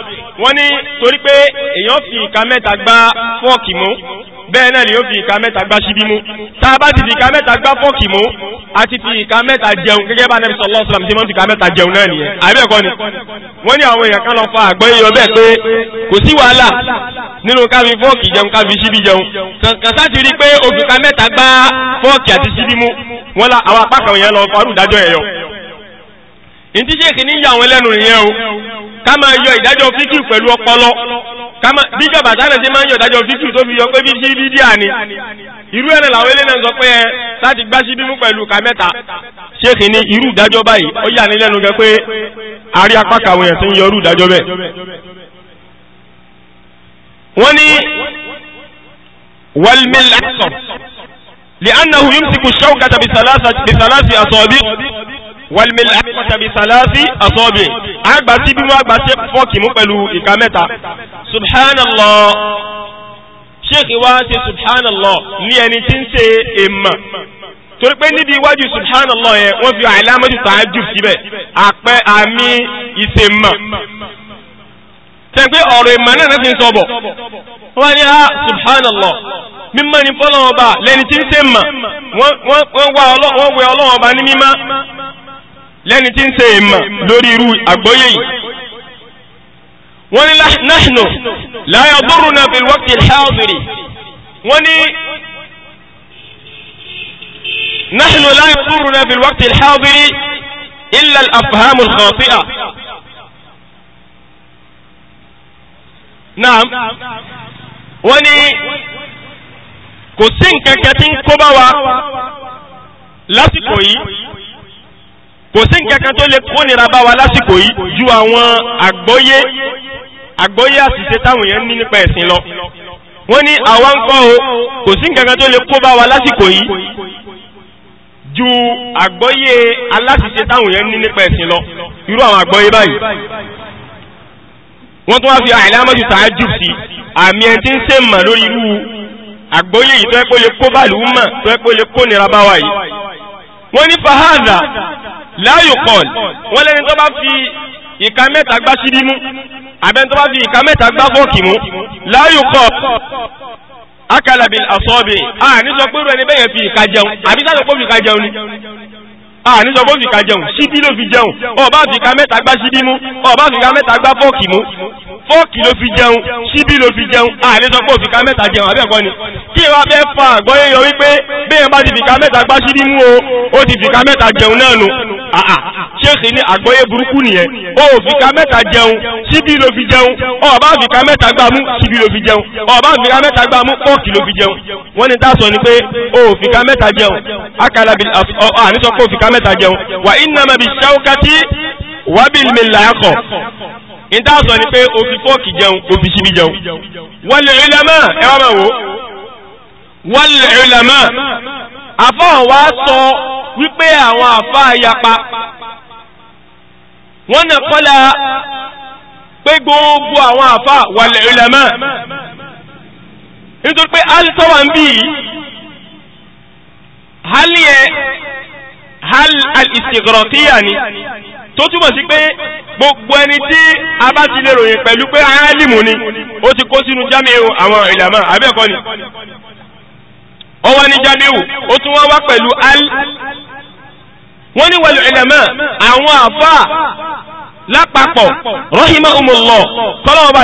wọ́n ní torí pé èèyàn fi ìka mẹ́ta gbá fọ́ọ̀kì mú bẹ́ẹ̀ náà ni ó fi ìka mẹ́ta gbá síbí mú tá a bá ti fi ìka mẹ́ta gbá fọ́ọ̀kì mú a ti fi ìka mẹ́ta jẹun gẹ́gẹ́ bá nẹ́bí sọ̀lọ́ sọ̀rọ̀ tí wọ́n fi ìka mẹ́ta jẹun náà nìyẹn àbẹ́ẹ̀kọ́ ni wọ́n ní àwọn èèyàn kan lọ fa àgbọ̀ yíyọ bẹ́ẹ̀ pé kò sí wàhálà nínú ká fi fọ́ọ̀kì jẹun ká fi síbí jẹun kàṣà ti rí pé ó fi ìka mẹ́ta gbá fọ́ọ̀kì àti síbí mú wọ́n la àwọn apá kan yẹn lọ farú ntí ṣèkì ní yà àwọn ẹlẹ́nu nìyẹn o ká máa yọ ìdájọ́ fíkì pẹ̀lú ọpọlọ bí jàbàtà náà máa ń yọ ìdájọ́ fíkì tó fi yọ pé bíi bídíà ni irú ẹ̀rẹ̀ làwọn ilé náà sọ pé ẹ láti gbá sí bímú pẹ̀lú ìka mẹ́ta ṣèkì ní irú ìdájọ́ báyìí ó yà ní lẹ́nu gẹ pé àrí apá kàwọn èèyàn ti ń yọ ìdájọ́ bẹ́ẹ̀. wọ́n ní wàlmíl àṣọ lè wọlmìlì akọ̀tàbí sàlásì àsọ́bì àgbàtí bímú àgbàtí fọ́ọ̀kì mú pẹ̀lú ìka mẹ́ta subhanallah sheikh wa ṣe subhanallah ní ẹni tí ń ṣe èèmọ̀ torí pé níbi iwájú subhanallah yẹn wọ́n fi àìlámọ́jú tààjù síbẹ̀ àpẹ àmì ìṣèmọ̀ tẹ́gbẹ́ ọ̀rọ̀ ìmọ̀ náà náà fi ń sọ bọ̀ wọ́n ní a subhanallah mímọ́ ni fọ́lọ́wọ́ bá lẹ́ni tí ń ṣe mọ̀ wọ́n wẹ ọlọ́wọ́ ní mímọ́ lẹ́ni tí ń ṣe ìmọ̀ lórí irú àgbọ́yé yìí wọ́n ní nahnu la yadurruna bil waqti al-hadiri wọ́n ní nahnu la yadurruna bil waqti al-hadiri illa al-afhamu al-khati'a naam wọ́n ní kò sí nǹkan kan tí ń kó bá wa lásìkò yìí kò sí nǹkan kan tó lè kó bá wa lásìkò yìí ju àwọn àgbọ́yé àgbọ́yé àṣìṣe táwọn èèyàn ní nípa ẹ̀sìn lọ wọ́n ní àwa ń kọ́ o kò sí nǹkan kan tó lè kó bá wa lásìkò yìí ju àgbọ́yé aláṣìṣe táwọn èèyàn ní nípa ẹ̀sìn lọ irú àwọn àgbọ́yé báyìí wọ́n tún wá fi àìlámọ́jú tààjù sí àmì ẹ̀ tí ń ṣe mọ̀ lórí irú àgbóyé yìí tó ẹ́ pé lè kó bàlú mọ̀ tó ẹ́ pé lè kó bá wa yìí wọ́n ní fahadà láàyò kọ́ọ̀lì wọ́n lẹ́ni tó bá fi ìka mẹ́ta gbá síbí mú àbẹ́ni tó bá fi ìka mẹ́ta gbá fọ́ọ̀kì mú láàyò kọ́ọ̀lì akalabil asọ́ọ̀bì à ní sọ pé irú ẹni bẹ́yẹn fi ìka jẹun àbí sáà sọ pé fi ìka jẹun ni a ní sọ pé ó fi ka jẹun síbí ló fi jẹun ọba fi ka mẹ́ta gbá síbí mú ọba fi ka mẹ́ta gbá fọ́ọ̀kì mú fọ́ọ̀kì ló fi jẹun síbí ló fi jẹun a ní sọ pé ó fi ka mẹ́ta jẹun àbí ẹ̀kọ́ ni kí ẹ wá fẹ́ fa àgbọ́yé yọ wípé bẹ́ẹ̀ bá ti fi ka mẹ́ta gbá síbí mú o ó ti fi ka mẹ́ta jẹun náà nu àà ṣéèkì ní àgbọ́yé burúkú nìyẹn ó fi ka mẹ́ta jẹun síbí ló fi jẹun ọba fi ka mẹ́ta gbá mú síbí ló fi jẹun ọba fi ka mẹ́ta gbá mú fọ́ọ̀kì ló fi jẹun wọ́n ní tá a sọ ni pé ó fi mẹ́ta jẹun akalabi àníṣọ́ pé ó fi ka mẹ́ta jẹun wà innama bi ṣáúkátí wábìlmìlà akọ̀ ìta sọ ni pé o fi fọ́ọ̀kì jẹun o fi ṣíbí jẹun wal ulama ẹ wá máa wò wal ulama àfáà wa sọ wípé àwọn àfáà yapa wọ́n nà kọ́lá pé gbogbo àwọn àfáà wal ulama nítorí pé alítọ́wà ń bí yìí hálí ẹ hal al-istigraqiya ni tó túmọ̀ sí pé gbogbo ẹni tí a bá ti lè ròyìn pẹ̀lú pé alimu ni ó ti kó sínú jamiu àwọn ìlàmà abẹ́ẹ̀kọ́ ni ó wá ní jamiu ó tún wá wá pẹ̀lú al wọ́n ní wal ìlàmà àwọn àfáà lápapọ̀ rahimahumullah kọ́lọ́wọ́ bá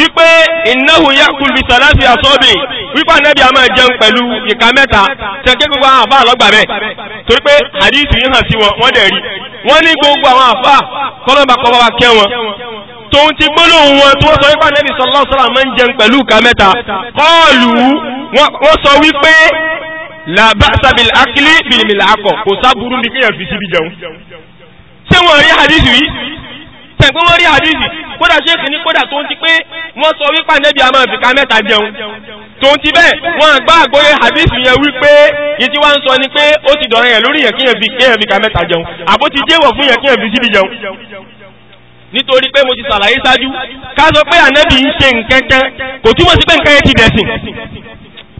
wípé innahu yakul bi salasi asọ́bì wípé anabi àmọ́ jẹun pẹ̀lú ìka mẹ́ta ṣẹ̀kẹ́ gbogbo àwọn àfa àlọ́gbà bẹ́ẹ̀ torí pé hadith yìí hàn sí wọn wọ́n dẹ̀ rí wọ́n ní gbogbo àwọn àfa kọ́lọ́ba kọ́ bá kẹ́ wọn tòun ti gbólóhùn wọn tí wọ́n sọ wípé anabi sallallahu alaihi wasallam máa ń jẹun pẹ̀lú ìka mẹ́ta kọ́ọ̀lù wọ́n sọ wípé làbàṣà bìlì akílì bìlì mìlà akọ̀ kò sábúrú bí kéèyàn fi síbi jẹun ṣé wọ́n rí hadith yìí tẹ̀gbọ́n wọ́n rí àdìsì kódà ṣéèkì ní kódà tó ń ti pé wọ́n sọ wípé ànẹ́bí àmọ́ ìfìkà mẹ́ta jẹun tó ń ti bẹ́ẹ̀ wọ́n àgbá àgbóyè àdìsì yẹn wípé ìtí wá ń sọ ni pé ó ti dọ̀rọ̀ yẹn lórí yẹn kí yẹn fìkà mẹ́ta jẹun àbó ti jẹ́wọ̀ fún yẹn kí yẹn fi síbi jẹun nítorí pé mo ti sàlàyé ṣáájú ká sọ pé ànẹ́bí ń ṣe nkẹ́kẹ́ kò túmọ̀ sí pé nkẹ́kẹ́ ti dẹ̀sìn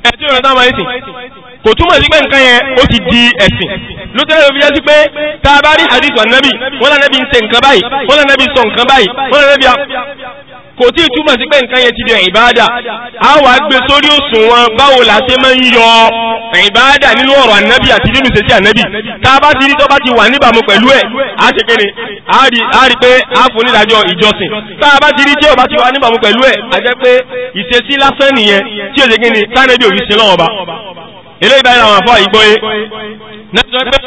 ẹ̀ tí ò kò túmọ̀ sí pé nǹkan yẹn ó ti di ẹ̀sìn ló tẹ́lẹ̀ ló fi jẹ́ sí pé tá a bá rí hadith anabi wọn lànà bí ń ṣe nǹkan báyìí wọn lànà bí sọ nǹkan báyìí wọn lànà bí a kò tí ì túmọ̀ sí pé nǹkan yẹn ti di ìbáàdà a wàá gbé sórí òṣùwọ̀n báwo la ṣe máa ń yọ ìbáàdà nínú ọ̀rọ̀ ànábì àti nínú ìṣesí ànábì tá a bá ti rí tó bá ti wà níbàámu pẹ̀lú ẹ̀ á ṣe kéde á rí pé á fún onídàájọ́ ìjọsìn tá a bá ti rí tí ò bá ti wà níbàámu pẹ̀lú ẹ̀ á jẹ́ pé ìṣesí lásán nìyẹn tí ò ṣe kéde tánẹ́bí òfin ṣe lọ́wọ́ ba eléyìí báyìí àwọn afọ àyígbóyé nítorí pé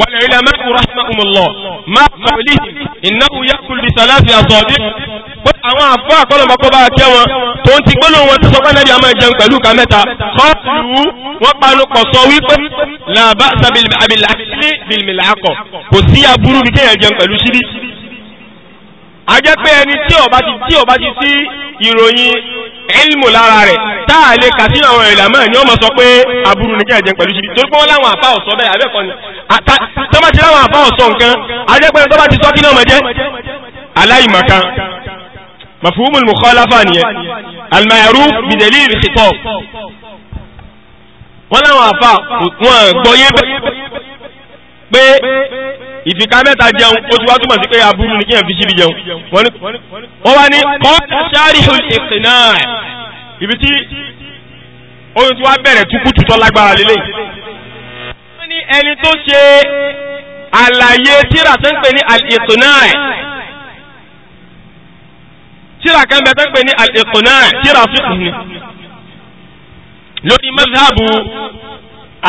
wàlẹ̀ ilẹ̀ mẹ́kù rahmatullah máa fàlì ìnáwó yẹ́kùn bí sàlẹ́sì àsọ̀bí pé àwọn afọ àkọlọ̀mọ́ kó bá kẹ́ wọn tó ń ti gbóló wọn tó sọ pẹ́lẹ́bí àmọ́ ìjẹun pẹ̀lú ka mẹ́ta kọ́ọ̀lù wọ́n panu kọ̀ sọ wípé làbá sàbìlì àbìlà kò sí aburú bí kéèyàn jẹun pẹ̀lú síbí a jẹ́ pé ẹni tí ó bá ti tí ó bá ti sí ìròyìn ilmu lára rẹ̀ tá a lè kà sínú àwọn ìlànà ni wọ́n mọ̀ sọ pé aburú ni kẹ́ẹ̀jẹ̀ pẹ̀lú ṣíbi torí pé láwọn àfa ọ̀sọ́ bẹ́ẹ̀ abẹ́kọ̀ ni tó bá ti láwọn àfa ọ̀sọ́ nǹkan a jẹ́ pé tó bá ti sọ kí náà mọ̀ jẹ́ aláìmọ̀kan مفهوم المخالفة نية المعروف بدليل الخطاب ولا وافق وغيب pé ìfìkà mẹ́ta jẹun ó ti wá túmọ̀ sí pé aburú ni kí èèyàn fi síbi jẹun wọ́n wá ní kọ́ ṣáàrì ìsìn náà ibi tí oyún tí wá bẹ̀rẹ̀ tukutu tó lágbára lélẹ̀ wọ́n ní ẹni tó ṣe àlàyé tíra tó ń pè ní àìsàn náà tíra kan bẹ tó ń pè ní àìsàn náà tíra fíkù ni lórí mẹ́sàbù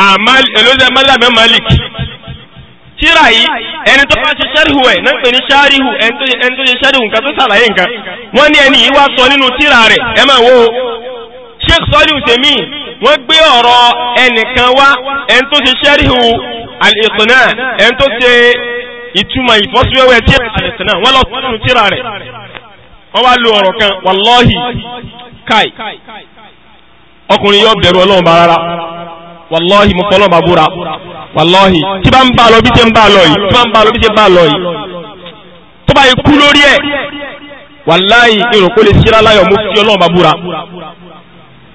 àmàlì èlòzẹ́ mẹ́sàbù Malik. tira yìí ẹni tó bá ṣe ṣẹ́rìhù ẹ̀ náà pè ní ṣáríhù ẹni tó ṣe ṣẹ́rìhù nǹkan tó ṣàlàyé nǹkan wọ́n ní ẹni yìí wá sọ nínú tira rẹ̀ ẹ máa wo Sheikh Salihu wọ́n gbé ọ̀rọ̀ ẹnìkan wá ẹni tó ṣe ṣẹ́rìhù al ẹni tó ṣe ìtumọ̀ ìfọ́síwẹ́wẹ́ wọ́n lọ sọ nínú rẹ̀ wọ́n kan kai ọkùnrin yóò bẹ̀rù ọlọ́run bá rárá mo wàlọ́hì tí bá ń bá lọ bí ṣe ń bá lọ yìí tí bá ń bá lọ bí ṣe ń bá lọ yìí tó bá yẹ kú lórí ẹ̀ wàláhì èrò kó lè ṣíra láyọ̀ mo fi ọlọ́run bá búra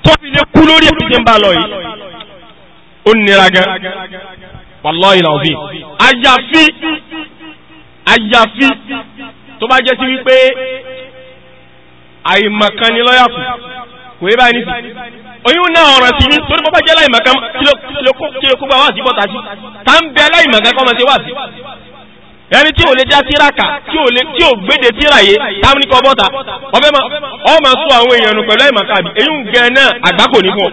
tó fi lè kú lórí ẹ̀ bí ṣe ń bá lọ yìí ó nira gan wàlọ́hì làwọn fi àjàfi àjàfi tó bá jẹ́ sí wípé àìmọ̀kan ni lọ́yà kù kò yẹ báyìí nísìnyí. oyún náà ọ̀ràn sí ní torí bọ́bá jẹ́ láìmọ̀kan kí ló wà wáàsí bọ́ta sí ta ń bẹ láìmọ̀kan kọ́ mọ̀ sí wáàsí ẹni tí ò lè já ka tí ò gbéde tíráyé ta ní kọ́ bọ́ta ọ máa sún àwọn èèyàn nù pẹ̀lú eyi àbí gẹ náà àgbákò ní fún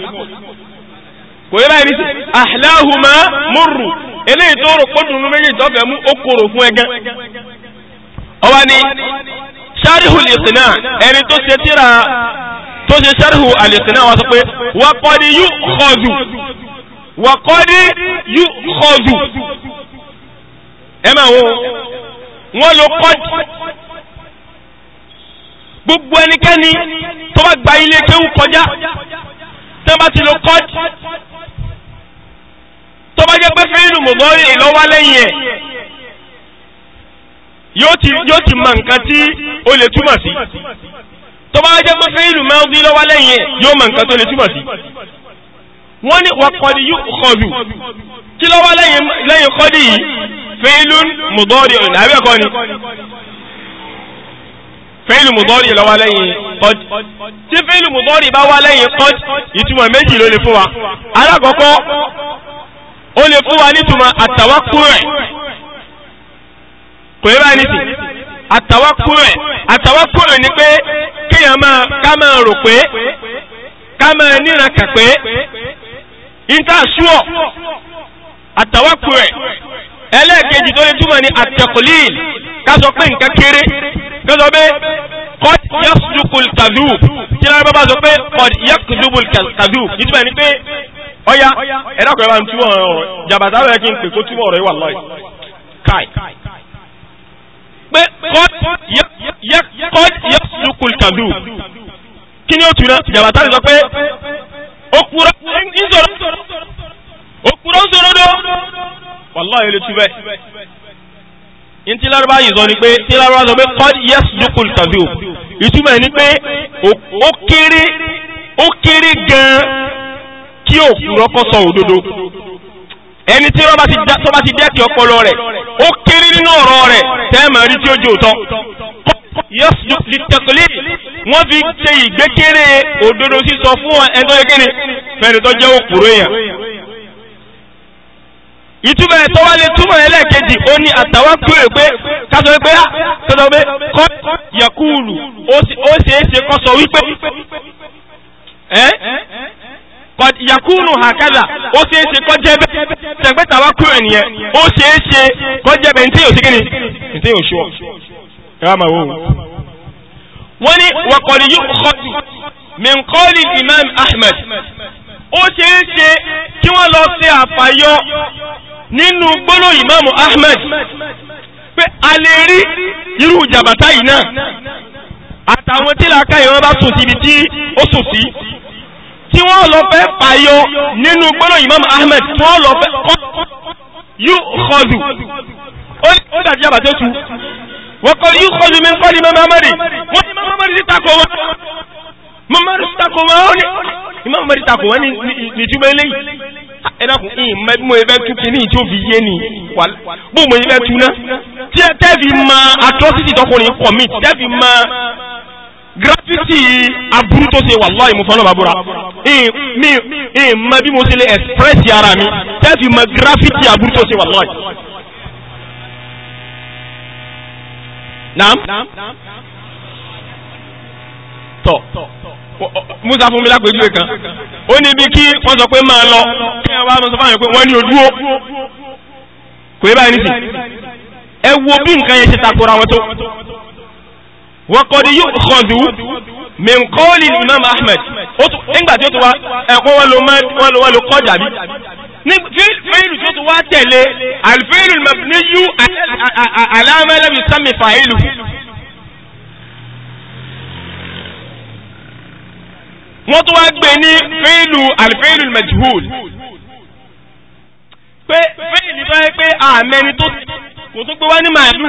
kò yẹ báyìí àhìláhùmá múrù eléyìí tó rò nínú méjì tó fẹ́ mú ni ẹni tó tó ṣe sẹ́rìhù àlèkìnà wa sọ pé wàkọ́dí yú kọ́dù wàkọ́dí yú kọ́dù ẹ máa wo wọ́n lo kọ́dù gbogbo ẹnikẹ́ni tó bá gba ilé kéwú kọjá tó bá ti lo kọ́dù tó bá jẹ́ pé fíìlù mọ̀gọ́rì ìlọ́wà lẹ́yìn ẹ̀ yóò ti mọ nǹkan tí ó lè túmọ̀ sí tó bá jẹ́ pé fẹ́ẹ́lù mẹ́rin lọ́wọ́ lẹ́yìn ẹ̀ yóò mọ̀ nǹkan tó lè túbọ̀ sí wọ́n ní wàkọ̀dì yóò kọ̀dù kí lọ́wọ́ lẹ́yìn kọ́dì yìí fẹ́ẹ́lù mùdọ́rì ọ̀nà àbẹ́ẹ̀kọ́ ni fẹ́ẹ̀lù mùdọ́rì ló wá lẹ́yìn qad tí fẹ́ẹ̀lù mùdọ́rì bá wá lẹ́yìn qad ìtumọ̀ méjì ló lè fún wa alákọ̀ọ́kọ́ ó lè fún wa nítumọ̀ àtàwákú kò yẹ báyìí nìsí àtàwákú rẹ̀ ni pé kéèyàn máa ká máa rò pé ká máa níran kà pé intasúọ̀ àtàwákù rẹ̀ ẹlẹ́ẹ̀kejì tó ní túmọ̀ ní àtẹ̀kùlíìl ká sọ pé nǹkan kéré ká sọ pé qad yasduqul kadhub tí lára bábá sọ pé qad yakdubul kadhub nítorí ní pé ọya ẹ̀dá kọ̀ọ̀yà bá ń túmọ̀ ọ̀rọ̀ jàbàtà rẹ̀ kí n pè kó túmọ̀ ọ̀rọ̀ yìí wà lọ́yìí káì pé yẹ́kọ́ yẹ́sùkùl kàdù kí ni ó tún náà jàmbá tá a sọ pé òkúrọ́ ńsọ̀rọ̀ òkúrọ́ ńsọ̀rọ̀ dọ́ wàláyé lè tú bẹ́ẹ̀ ntí lárúbá yìí sọ ni pé tí lárúbá sọ pé kọ́d yẹ́sù dúkùl tàbí o ìtumọ̀ ẹ̀ ni pé ó kéré ó kéré gan-an kí òkúrọ́ kọ́ sọ òdodo ẹni tí wọ́n bá ti dẹ́kì ọpọlọ rẹ̀ ó kéré nínú ọ̀rọ̀ rẹ̀ tẹ́ẹ̀mà rí tí ó jò tọ́ yọ́sùn lè tẹ̀kọ́lé wọ́n fi ṣe ìgbékéré òdodo sísọ fún ẹni tó yẹ kíni fẹ́ni tó jẹ́ òkúrò èèyàn ìtumọ̀ ẹ̀ tó wá lè túmọ̀ ó ní àtàwọn kúrò pé kásọ pé ah, á tọ́jọ pé kọ́ yẹkúùlù ó ṣeé ṣe kọ́ wípé eh? yakunu hakada ó ṣe é ṣe kọjẹ́ bẹ́ẹ̀ tẹ̀gbẹ́ta wá kúrò ẹ̀nìyẹn ó ṣe é ṣe kọjẹ́ bẹ́ẹ̀ ntí yóò ṣe kíni ntí yóò ṣọ́ ẹ wá máa wò ó. wọ́n ní wọ́kọ̀lì yóò kọ́ min qawli imam ahmed ó ṣe é ṣe kí wọ́n lọ ṣe àfàyọ nínú gbóló imam ahmed pé a lè rí irú jàbátá yìí náà àtàwọn tí làákàyè wọn bá sùn síbi tí ó sùn sí tí wọ́n lọ fẹ́ fàyọ nínú gbọ́nà Imam Ahmed tí wọ́n lọ fẹ́ kọ́ yóò kọlù ó dàjí àbàtẹ́ tu wọ́n kọ́ yóò kọlù mi kọ́ ni Imam Ahmed wọ́n ni Imam Ahmed tako wọn Imam Ahmed tako wọn ó ní Imam Ahmed tako wọn ní túbọ̀ eléyìí ẹ̀dàkùn ìmọ̀ bí mo ẹ̀fẹ́ tú kí ní ìjó fi yé ni bó mo ẹ̀fẹ́ tú ná tí ẹ tẹ́ fi ma atrocity tọkùnrin commit tẹ́ fi ma gratuity aburú tó ṣe wàláhì mo fọ́nà bàbúrà mi mọ bí mo ṣe lè express ara mi tẹ́fì mọ gratuity aburú tó ṣe wàláhì. naam tọ musa fún mi lápèjúwe kan ó ní bí kí wọ́n sọ pé máa lọ kí wọ́n bá sọ fáwọn pé wọ́n ní odúó kò yẹ báyìí nísìnyí ẹ wo bí nǹkan yẹn ṣe takora wọn tó wọ́kọ́dí yóò kọ̀dù mẹ́kọ́ọ̀lì imam ahmed nígbà tí ó tó wá ẹ̀kọ́ wọ́n lọ wọ́n lọ kọjá bí fíìlù tó tó wá tẹ̀lé alfíìlù mabniyu alámẹ́lẹ́bí sami fa'ilu wọ́n tó wá gbé ní fíìlù alfíìlù majhul pé fíìlù tó yẹ pé àmẹ́ni tó kò tó gbé wá ní màálù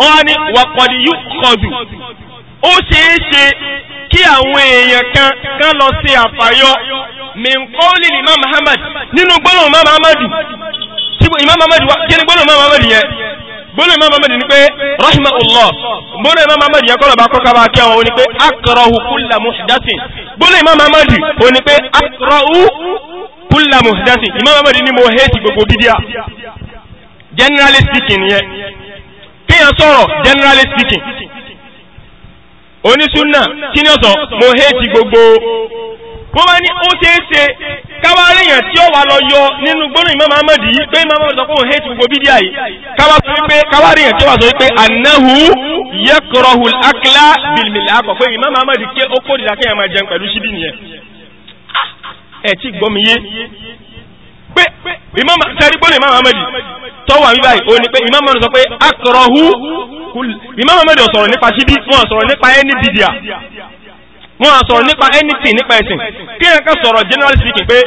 wọ́n ní wàkọ̀dì yóò kọ̀dù ó ṣeé ṣe kí àwọn èèyàn kan kan lọ sí àfàyọ mìkọ́lì imam muhammad nínú gbọ́nà imam muhammad tí imam muhammad wá kí ni gbọ́nà imam muhammad yẹn gbọ́nà imam muhammad ni pé rahimahullah gbọ́nà imam muhammad yẹn kọ́nà bá kọ́ka bá kí àwọn oní pé akrahu kulla muhdathin gbọ́nà imam muhammad oní pé akrahu kulla muhdathin imam muhammad ni mo hẹ́ẹ̀tì gbogbo bídíà generally speaking yẹn. kéèyàn sọ̀rọ̀ generally speaking onísúnà kí ni ọ̀sán mo hate gbogbo bó bá ní ó ṣeé ṣe káwá ríyàn tí ó wà lọ yọ nínú gbóná Imam Ahmad yìí pé Imam sọ pé òun hate gbogbo bídíà yìí káwá sọ tí ó wà sọ pé anahu yakrahu akla bilimila akọ pé Imam amadi ké ó kéèyàn máa jẹun pẹ̀lú ṣíbí nìyẹn ah, ẹ ti gbọ́ pé imam sẹ́rí gbọ́nà imam ahmed tọ́wọ́ àmì báyìí ó ní pé imam ahmed sọ pé akọrọ̀hu imam ahmed ò sọ̀rọ̀ nípa síbí wọn sọ̀rọ̀ nípa ẹni bìdíà wọn sọ̀rọ̀ nípa anything nípa ẹ̀sìn kí ẹ̀ ká sọ̀rọ̀ generally speaking pé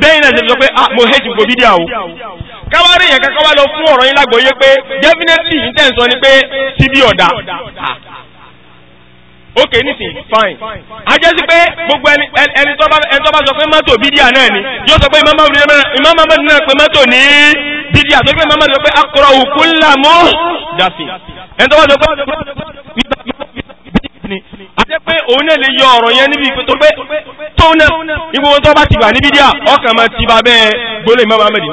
bẹ́ẹ̀ náà ṣe sọ pé ah mo hate gbogbo bídíà o káwárí yẹn kankan wá lọ fún ọ̀rọ̀ yín lágbòóyé pé definitely intense sọ ni pé síbí ọ̀dà ok nísìn fine ajẹ́ sí pé gbogbo ẹni tó bá sọ pé mọ́tò bídíà náà ni yóò sọ pé Imam Ahmad náà pé mọ́tò ní bídíà tó pé Imam Ahmad sọ pé akọrọ òkúńlá mọ́ dàsí ẹni tó bá sọ pé ni àti pé òun náà lè yọ ọ̀rọ̀ yẹn níbi ìpín tó pé tóun náà ibi wọn tó bá ti gbà ní bídíà ọkàn máa ti bá bẹ́ẹ̀ gbólẹ̀ Imam Ahmad ni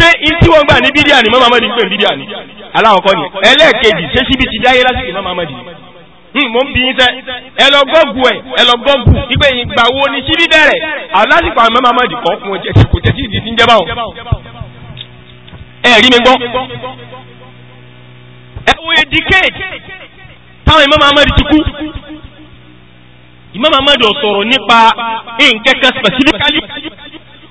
ṣé tí wọ́n gbà ní bídíà ni Imam Ahmad ń pè ní bídíà ni aláwọ̀kọ́ ni ẹlẹ́ẹ̀kejì ṣé síbi ti dáyé lásìkò Imam Ahmad ni Hmm, mo ń bí yín sẹ́ ẹ lọ gọ́ọ̀gù ẹ̀ ẹ lọ gọ́ọ̀gù ìgbẹ́ yìí gbà wo ni síbí bẹ̀rẹ̀ alásìkò àwọn mẹ́màá máa dìkọ́ fún ọjọ́ ẹ̀sìn kò tẹ̀sí ìdí ń jẹ́bà ẹ rí mi gbọ́ ẹ wo educate táwọn ìmọ̀ máa di ti kú ìmọ̀ máa máa dọ̀ sọ̀rọ̀ nípa nǹkan specifically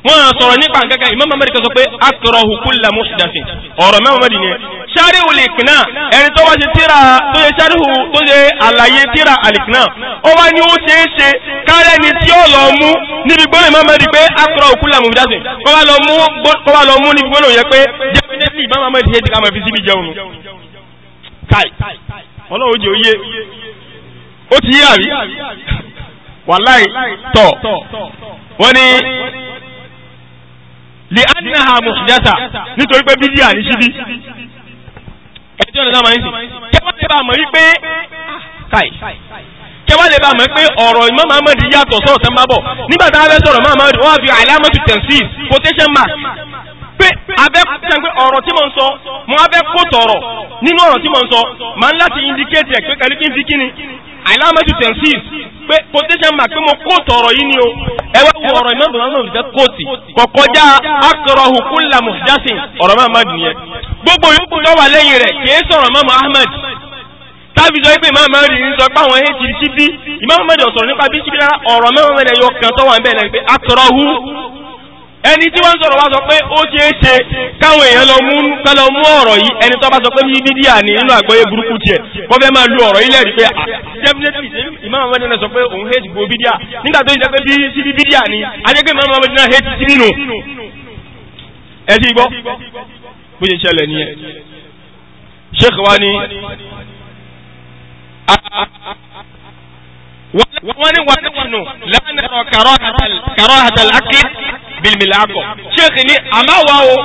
wọ́n sọ̀rọ̀ nípa nǹkankan Imam Ahmad kan sọ pé akọrọ̀hù kulla muhdathin ọ̀rọ̀ mẹ́wàá mẹ́rin yẹn ṣáríhù lìkìnà ẹni tó wá ṣe tíra tó ṣe ṣáríhù tó ṣe àlàyé tíra àlìkìnà ó wá ní ó ṣe é ṣe kárẹ́ ni tí ó lọ mú níbi gbọ́nà Imam Ahmad pé akọrọ̀hù kulla muhdathin kó wá lọ mú níbi gbọ́nà yẹn pé jẹ́bi Imam Ahmad ṣe ti ká máa fi síbi jẹun kai ọlọ́run jẹ́ òye ó ti yé àrí wàláì tọ̀ wọ́n ní lè anaha muhdasa nítorí pé bídíà ní ṣíbí ẹjọ́ ọ̀nà náà máa ń sìn kẹwàá lè bá mọ̀ wípé káì kẹwàá lè bá mọ̀ pé ọ̀rọ̀ Imam Ahmad yàtọ̀ sọ̀rọ̀ tán bá bọ̀ nígbà tá a fẹ́ sọ̀rọ̀ Imam Ahmad wọ́n á fi àìlámọ́tò tẹ̀síìs quotation mark pé abẹ́ kúta pé ọ̀rọ̀ tí mo ń sọ mo abẹ́ kó tọ̀rọ̀ nínú ọ̀rọ̀ tí mo ń sọ màá ń láti indicate ẹ̀ pé kẹ́lí kí n fi kíni àìlámẹ́jù tẹ̀síf pé quotation mark pé mo kóòtù ọ̀rọ̀ yìí ni o ẹwà ọ̀rọ̀ ìmọ̀ ìbùnà náà fẹ́ kóòtù kọ̀kọ́já akọrọ̀hù kúnlá muhdasin ọ̀rọ̀ Muhammad nìyẹn gbogbo yòókù tó wà lẹ́yìn rẹ̀ kìí sọ̀rọ̀ mọ́mọ́ Ahmad tábì sọ pé ìmọ̀ mẹ́rin ń sọ pé àwọn ẹ̀hìn ti ṣíbí ìmọ̀ mẹ́rin ọ̀sọ̀rọ̀ nípa bí ṣíbí rárá ọ̀rọ̀ mẹ́rin ẹ̀yọ kan tó ẹni tí wọ́n sọ̀rọ̀ wá sọ pé ó ṣeé ṣe káwọn èèyàn lọ mú kálọ mú ọ̀rọ̀ yìí ẹni tó bá sọ pé mídíà ni nínú àgbọ́yé burúkú tiẹ̀ kó fẹ́ máa lu ọ̀rọ̀ ilẹ̀ rí pé definitely ìmáàmù ọmọdé náà sọ pé òun hate gbogbo mídíà nígbà tó ṣe pé bí síbi mídíà ni ajẹ́pẹ́ ìmáàmù ọmọdé náà hate sí nínú ẹ ti gbọ́ bó ṣe ṣẹlẹ̀ nìyẹn sheikh wa ni wọ́n ní wọ́n ní wọ́n nù lẹ́nu kàrọ́ àtàlákì bìlìmìlì akọ ṣéèkì ní àmáwá o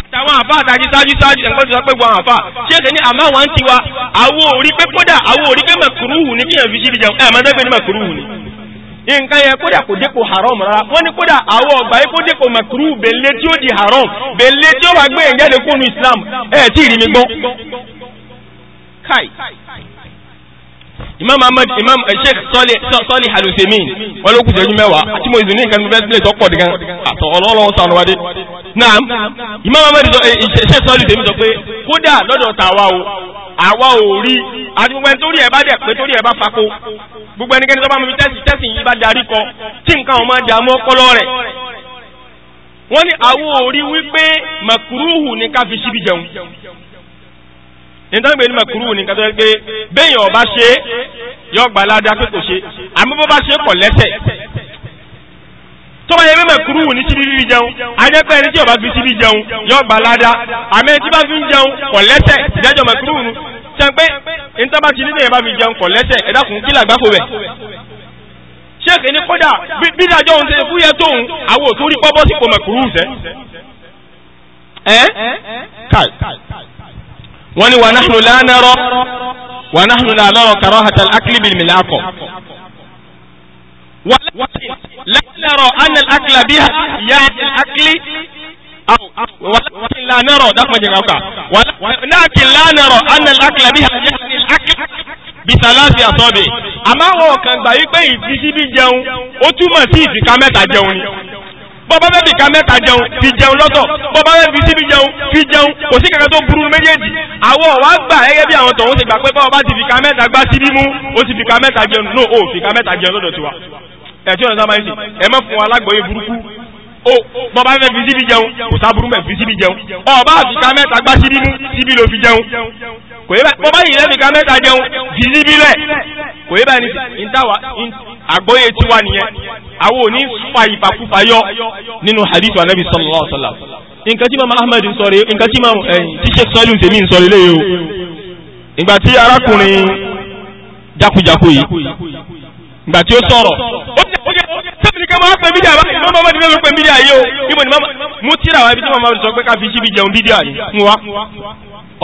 àtàwọn àfa àtàjì sáájú sáájú ẹ̀kọ́ ti sọ pé gbọ́n àfa ṣéèkì ní àmáwá ń tiwa àwo orí pé kódà àwo orí pé mẹ̀kúrúhù ní kíyàn fi ṣíbi jẹun ẹ̀ máa dẹ́gbẹ́ ní mẹ̀kúrúhù ni nǹkan yẹn kódà kò dépò haram rárá wọ́n ní kódà àwọn ọgbà yìí kó dépò mẹ̀kúrúhù bèlè tí ó di haram bèlè tí ó wà gbé Islam ẹ̀ tí ì rí imam ahmed imam eh, sheikh sọ́ọ̀lì alùsèmí wọn ló kù sẹ́jú mẹ́wàá àti mo ìzùnú nǹkan fẹ́ẹ́ sílẹ̀ tọ́pọ̀ dìgan àtọ̀ ọlọ́wọ́ sànù wádé naam imam ahmed eh, sheikh sọ́ọ̀lì alùsèmí sọ pé kódà lọ́dọ̀ tàwa o àwa ò rí àdúgbò ẹni torí ẹ bá dẹ̀ pé torí ẹ bá fako gbogbo ẹnikẹ́ni tó bá mọ̀ fi tẹ́sì tẹ́sì yìí bá darí kọ tí nǹkan ọmọ ajá mọ́ kọ́lọ́ rẹ̀ wọ́n ní àwo ò rí wípé màkúrúhù ní ká fi síbi jẹun nítorí pé ní mẹ̀kúrú ní kàtọ́ pé bẹ́yìn ọba ṣe yọ gbà ládá pé kò ṣe àmì bó bá ṣe pọ̀ lẹ́sẹ̀ tó bá yẹ pé mẹ̀kúrú ní síbí bíbí jẹun ajẹ́pẹ́ ẹni tí ọba fi síbí jẹun yọ gbà ládá àmì tí bá fi ń jẹun pọ̀ lẹ́sẹ̀ ìdájọ́ mẹ̀kúrú nu ṣe pé nítorí tí nílẹ̀ bá fi jẹun pọ̀ lẹ́sẹ̀ ẹ̀dá kùn kí làgbáfo rẹ̀ ṣéèkì ní kódà bídájọ́ wọ́n ní wànáhùn lánàárọ̀ wànáhùn lánàárọ̀ karahata al-akli bil milaqo lánàárọ̀ anna al-akla biha ya al-akli ولكن لا نرى دفع جنوكا ولكن لا نرى أن الأكل بها يعني الأكل bisalasi asọbi àmọ́ àwọn kan gbà yí pé ìfisí bí jẹun ó túmọ̀ sí ìfìkà mẹ́ta jẹun ni bọ́bá bẹ́ẹ̀ bìkà mẹ́ta jẹun fi jẹun lọ́tọ̀ bọ́bá bẹ́ẹ̀ fi síbi jẹun fi jẹun kò sí kankan tó burú méjèèjì àwọn ọ̀wá gbà gẹ́gẹ́ bí àwọn tọ̀hún ti gbà pé bọ́ọ̀ bá ti fìkà mẹ́ta gbá síbí mú ó ti fìkà mẹ́ta jẹun no ó fìkà mẹ́ta jẹun lọ́dọ̀ tiwa ẹ̀tí ọ̀nà sáà máa ń sìn ẹ má fún alágbọ̀yé burúkú ó bọ́bá fẹ́ fi síbi jẹun kò sá burú fi síbi jẹun ọ̀bá kò yẹ báyìí bọ́bá yìí lẹ́nu ká mẹ́ta jẹun jìjì bílẹ̀ kò yẹ báyìí ní ìtawà àgbọ́yé tiwa nìyẹn àwọn ò ní fa ìfàkúfà yọ nínú hadith anabi sallallahu alaihi wa sallam nǹkan tí mama ahmed ń sọ rèé nǹkan tí mama eh, tí sheikh salim tèmi ń sọ rèé léyìí o ìgbà tí arákùnrin jákujàku yìí ìgbà tí ó sọ̀rọ̀ ó ní sẹ́fìlì kan máa pè mídíà báyìí mama ahmed ló pè mídíà yìí o ibo ni mama mo tíra wa ibi tí mama ahmed sọ pé ká fi síbi jẹun bídíà yìí fún wa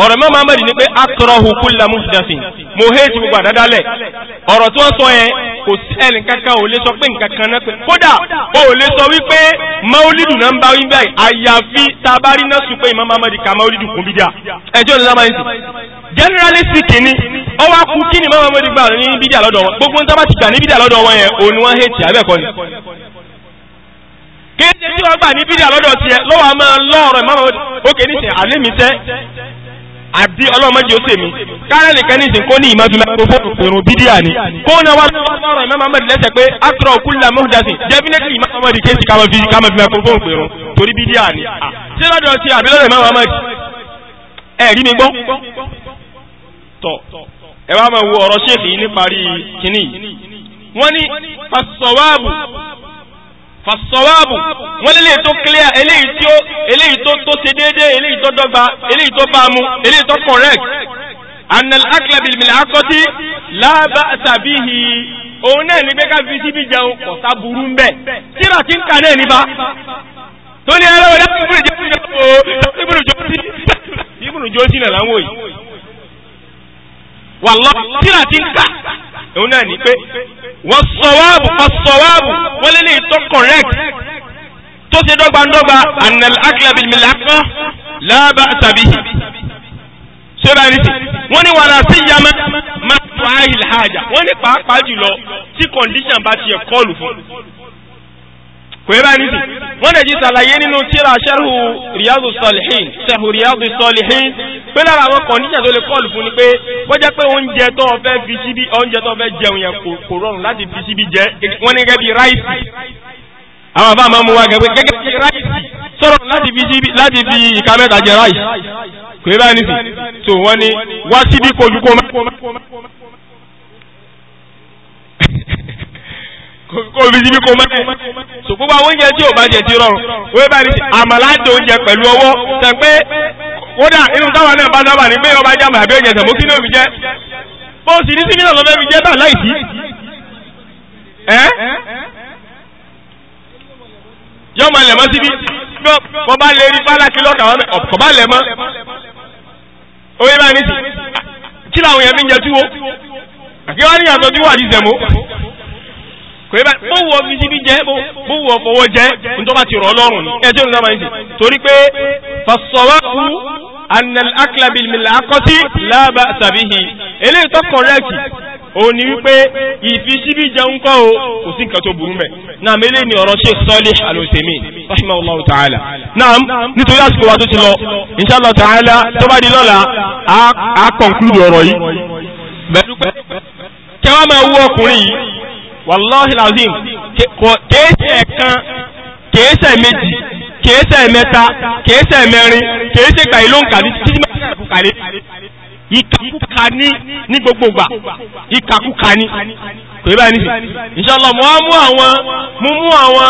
ọ̀rọ̀ mọ́ Muhammad ní pé akọrọ̀hù kúlà mufdasin mo hẹ́ẹ̀tì gbogbo àdádálẹ̀ ọ̀rọ̀ tí wọ́n sọ yẹn kò sí ẹni kankan ò lè sọ pé nǹkan kan náà pé kódà ó lè sọ wípé maulidu náà ń bá wí báyìí àyàfi tabari náà sùn pé ìmọ̀ Muhammad ka maulidu kún bídà ẹjọ́ ní lámà ẹ̀sìn generally speaking ni ó wá kú kí ni ìmọ̀ Muhammad gbà ní bídà lọ́dọ̀ wọn gbogbo ń sábà ti gbà ní bídà lọ́dọ̀ wọn yẹn òun wọn hẹ́ẹ̀tì abẹ́ẹ̀kọ́ ni kí ni tí wọ́n gbà ní bídà lọ́dọ̀ tiẹ̀ lọ́wọ́ a máa lọ́ọ̀rọ̀ ìmọ̀ àbí ọlọ́mọdé ọ̀sẹ̀ mi kárẹ́ nìkan ní ìsìn kó ní ìmọ̀ fi máa gbogbo òkùnrin bídíà ni kó náà wá lọ́rọ̀ ìmọ̀ Muhammad lẹ́sẹ̀ pé atrọ̀ kúlà mọ́húdásìn definitely ìmọ̀ Muhammad kéèsì ká máa fi máa gbogbo òkùnrin torí bídíà ni. Ah. ṣé lọ́dọ̀ ti àbí lọ́dọ̀ ìmọ̀ Muhammad ẹ rí mi gbọ́ tọ̀ ẹ wá máa wo ọ̀rọ̀ ṣèkì níparí kínní wọ́n ní fàṣọwáàbù wọ́n lélẹ̀ tó clear eléyìí tí ó eléyìí tó tó ṣe déédéé eléyìí tó dọ́gba eléyìí tó bá mu eléyìí tó correct anal akla bil mil akọtí lába sàbíhì òun náà ní bẹ́ẹ̀ ká fi síbi jẹun kọ̀sá burú ń bẹ̀ ti ń ka náà nípa tó ní ẹlẹ́wọ̀n dábìbùrù jọ́sí dábìbùrù jọ́sí dábìbùrù jọ́sí náà láwọn yìí wàlọ́ tíra ti ń ka òun náà ní pé wọ́n sọ̀wáàbù fọ́sọ̀wáàbù wọ́n lè lè tó correct tó ṣe dọ́gbandọ́gba anal akilabi milaka lába tàbí ṣọ́ra ní sí wọ́n ní wà láti yamá máa tó àìlhájà wọ́n ní pàápàá jùlọ tí condition bá ti ẹ̀ kọlù fún kò yẹ báyìí nìsí wọ́n lè jí sàlàyé nínú tíra sẹ́rù ríyàdù sọ̀lìhìn sẹ́rù ríyàdù sọ̀lìhìn pé lára àwọn kọ̀ǹdíṣà tó lè kọ́ọ̀lù fún ni pé wọ́n jẹ́ pé oúnjẹ tó o fẹ́ fi síbi oúnjẹ tó o fẹ́ jẹun yẹn kò rọrùn láti fi síbi jẹ wọ́n ní gẹ́gẹ́ bí ráìsì àwọn àbá máa mú wa gẹ́gẹ́ gẹ́gẹ́ bí ráìsì sọ̀rọ̀ láti fi síbi láti fi ìka mẹ́ta jẹ ráìsì kò yẹ báyìí tó wọ́n ní wá síbi kojú kó má kò fi síbi kò mẹ́tẹ̀. so gbogbo àwọn oúnjẹ tí ò bá jẹ ti rọrùn wọ́n bá rí àmàlà àti oúnjẹ pẹ̀lú ọwọ́ tẹ̀ pé kódà inú táwọn náà bá dábàá ní pé ọba jẹ́ àmàlà àbí oúnjẹ tẹ̀mú kí ní òbí jẹ́ bó sì ní sígínà lọ́fẹ́ fi jẹ́ bá láìsí. yọ ọmọ ilẹ̀ mọ́ síbí bá lè rí pálákì lọ́kà wọn ọ̀pọ̀ bá lẹ̀ mọ́ oye bá ní sí kí làwọn yẹn fi ń jẹ túwó àkíwá ní àtọ́jú wà ní ìsẹ̀mú pẹ̀lú bó wọ fi síbi jẹ́ bó wọ fọwọ́ jẹ́ nítorí bá ti rọ̀ lọ́rùn ẹjọ́ ìlú náà torí pé fasọ̀wákú anàlákìlábìlì mìlàkọ́sí lába sàbíhì eléyìí tó kọ̀rẹ́ẹ̀tì ó ní wípé ìfisíbí jẹun kọ́ o kò sí nǹkan tó burú mẹ́ náà mẹ́lẹ́ ni ọ̀rọ̀ Sheikh Salih Al-Uthaymeen rahimahullah ta'ala náà nítorí àsìkò wa tó ti lọ inshallah ta'ala tó bá di lọ́la a conclude ọ̀rọ̀ yìí kẹwàá máa wú ọkùnrin yìí wàláhì lazim kéèsẹ̀ kan kéèsẹ̀ méjì kéèsẹ̀ mẹ́ta kéèsẹ̀ mẹ́rin kéèsẹ̀ gbà ìlú nǹkan títí máa ṣe àkùkàlé ìkàkùkà ní ní gbogbogbà ìkàkùkà ní kò báyìí nìsí inshallah mo wá mú àwọn mo mú àwọn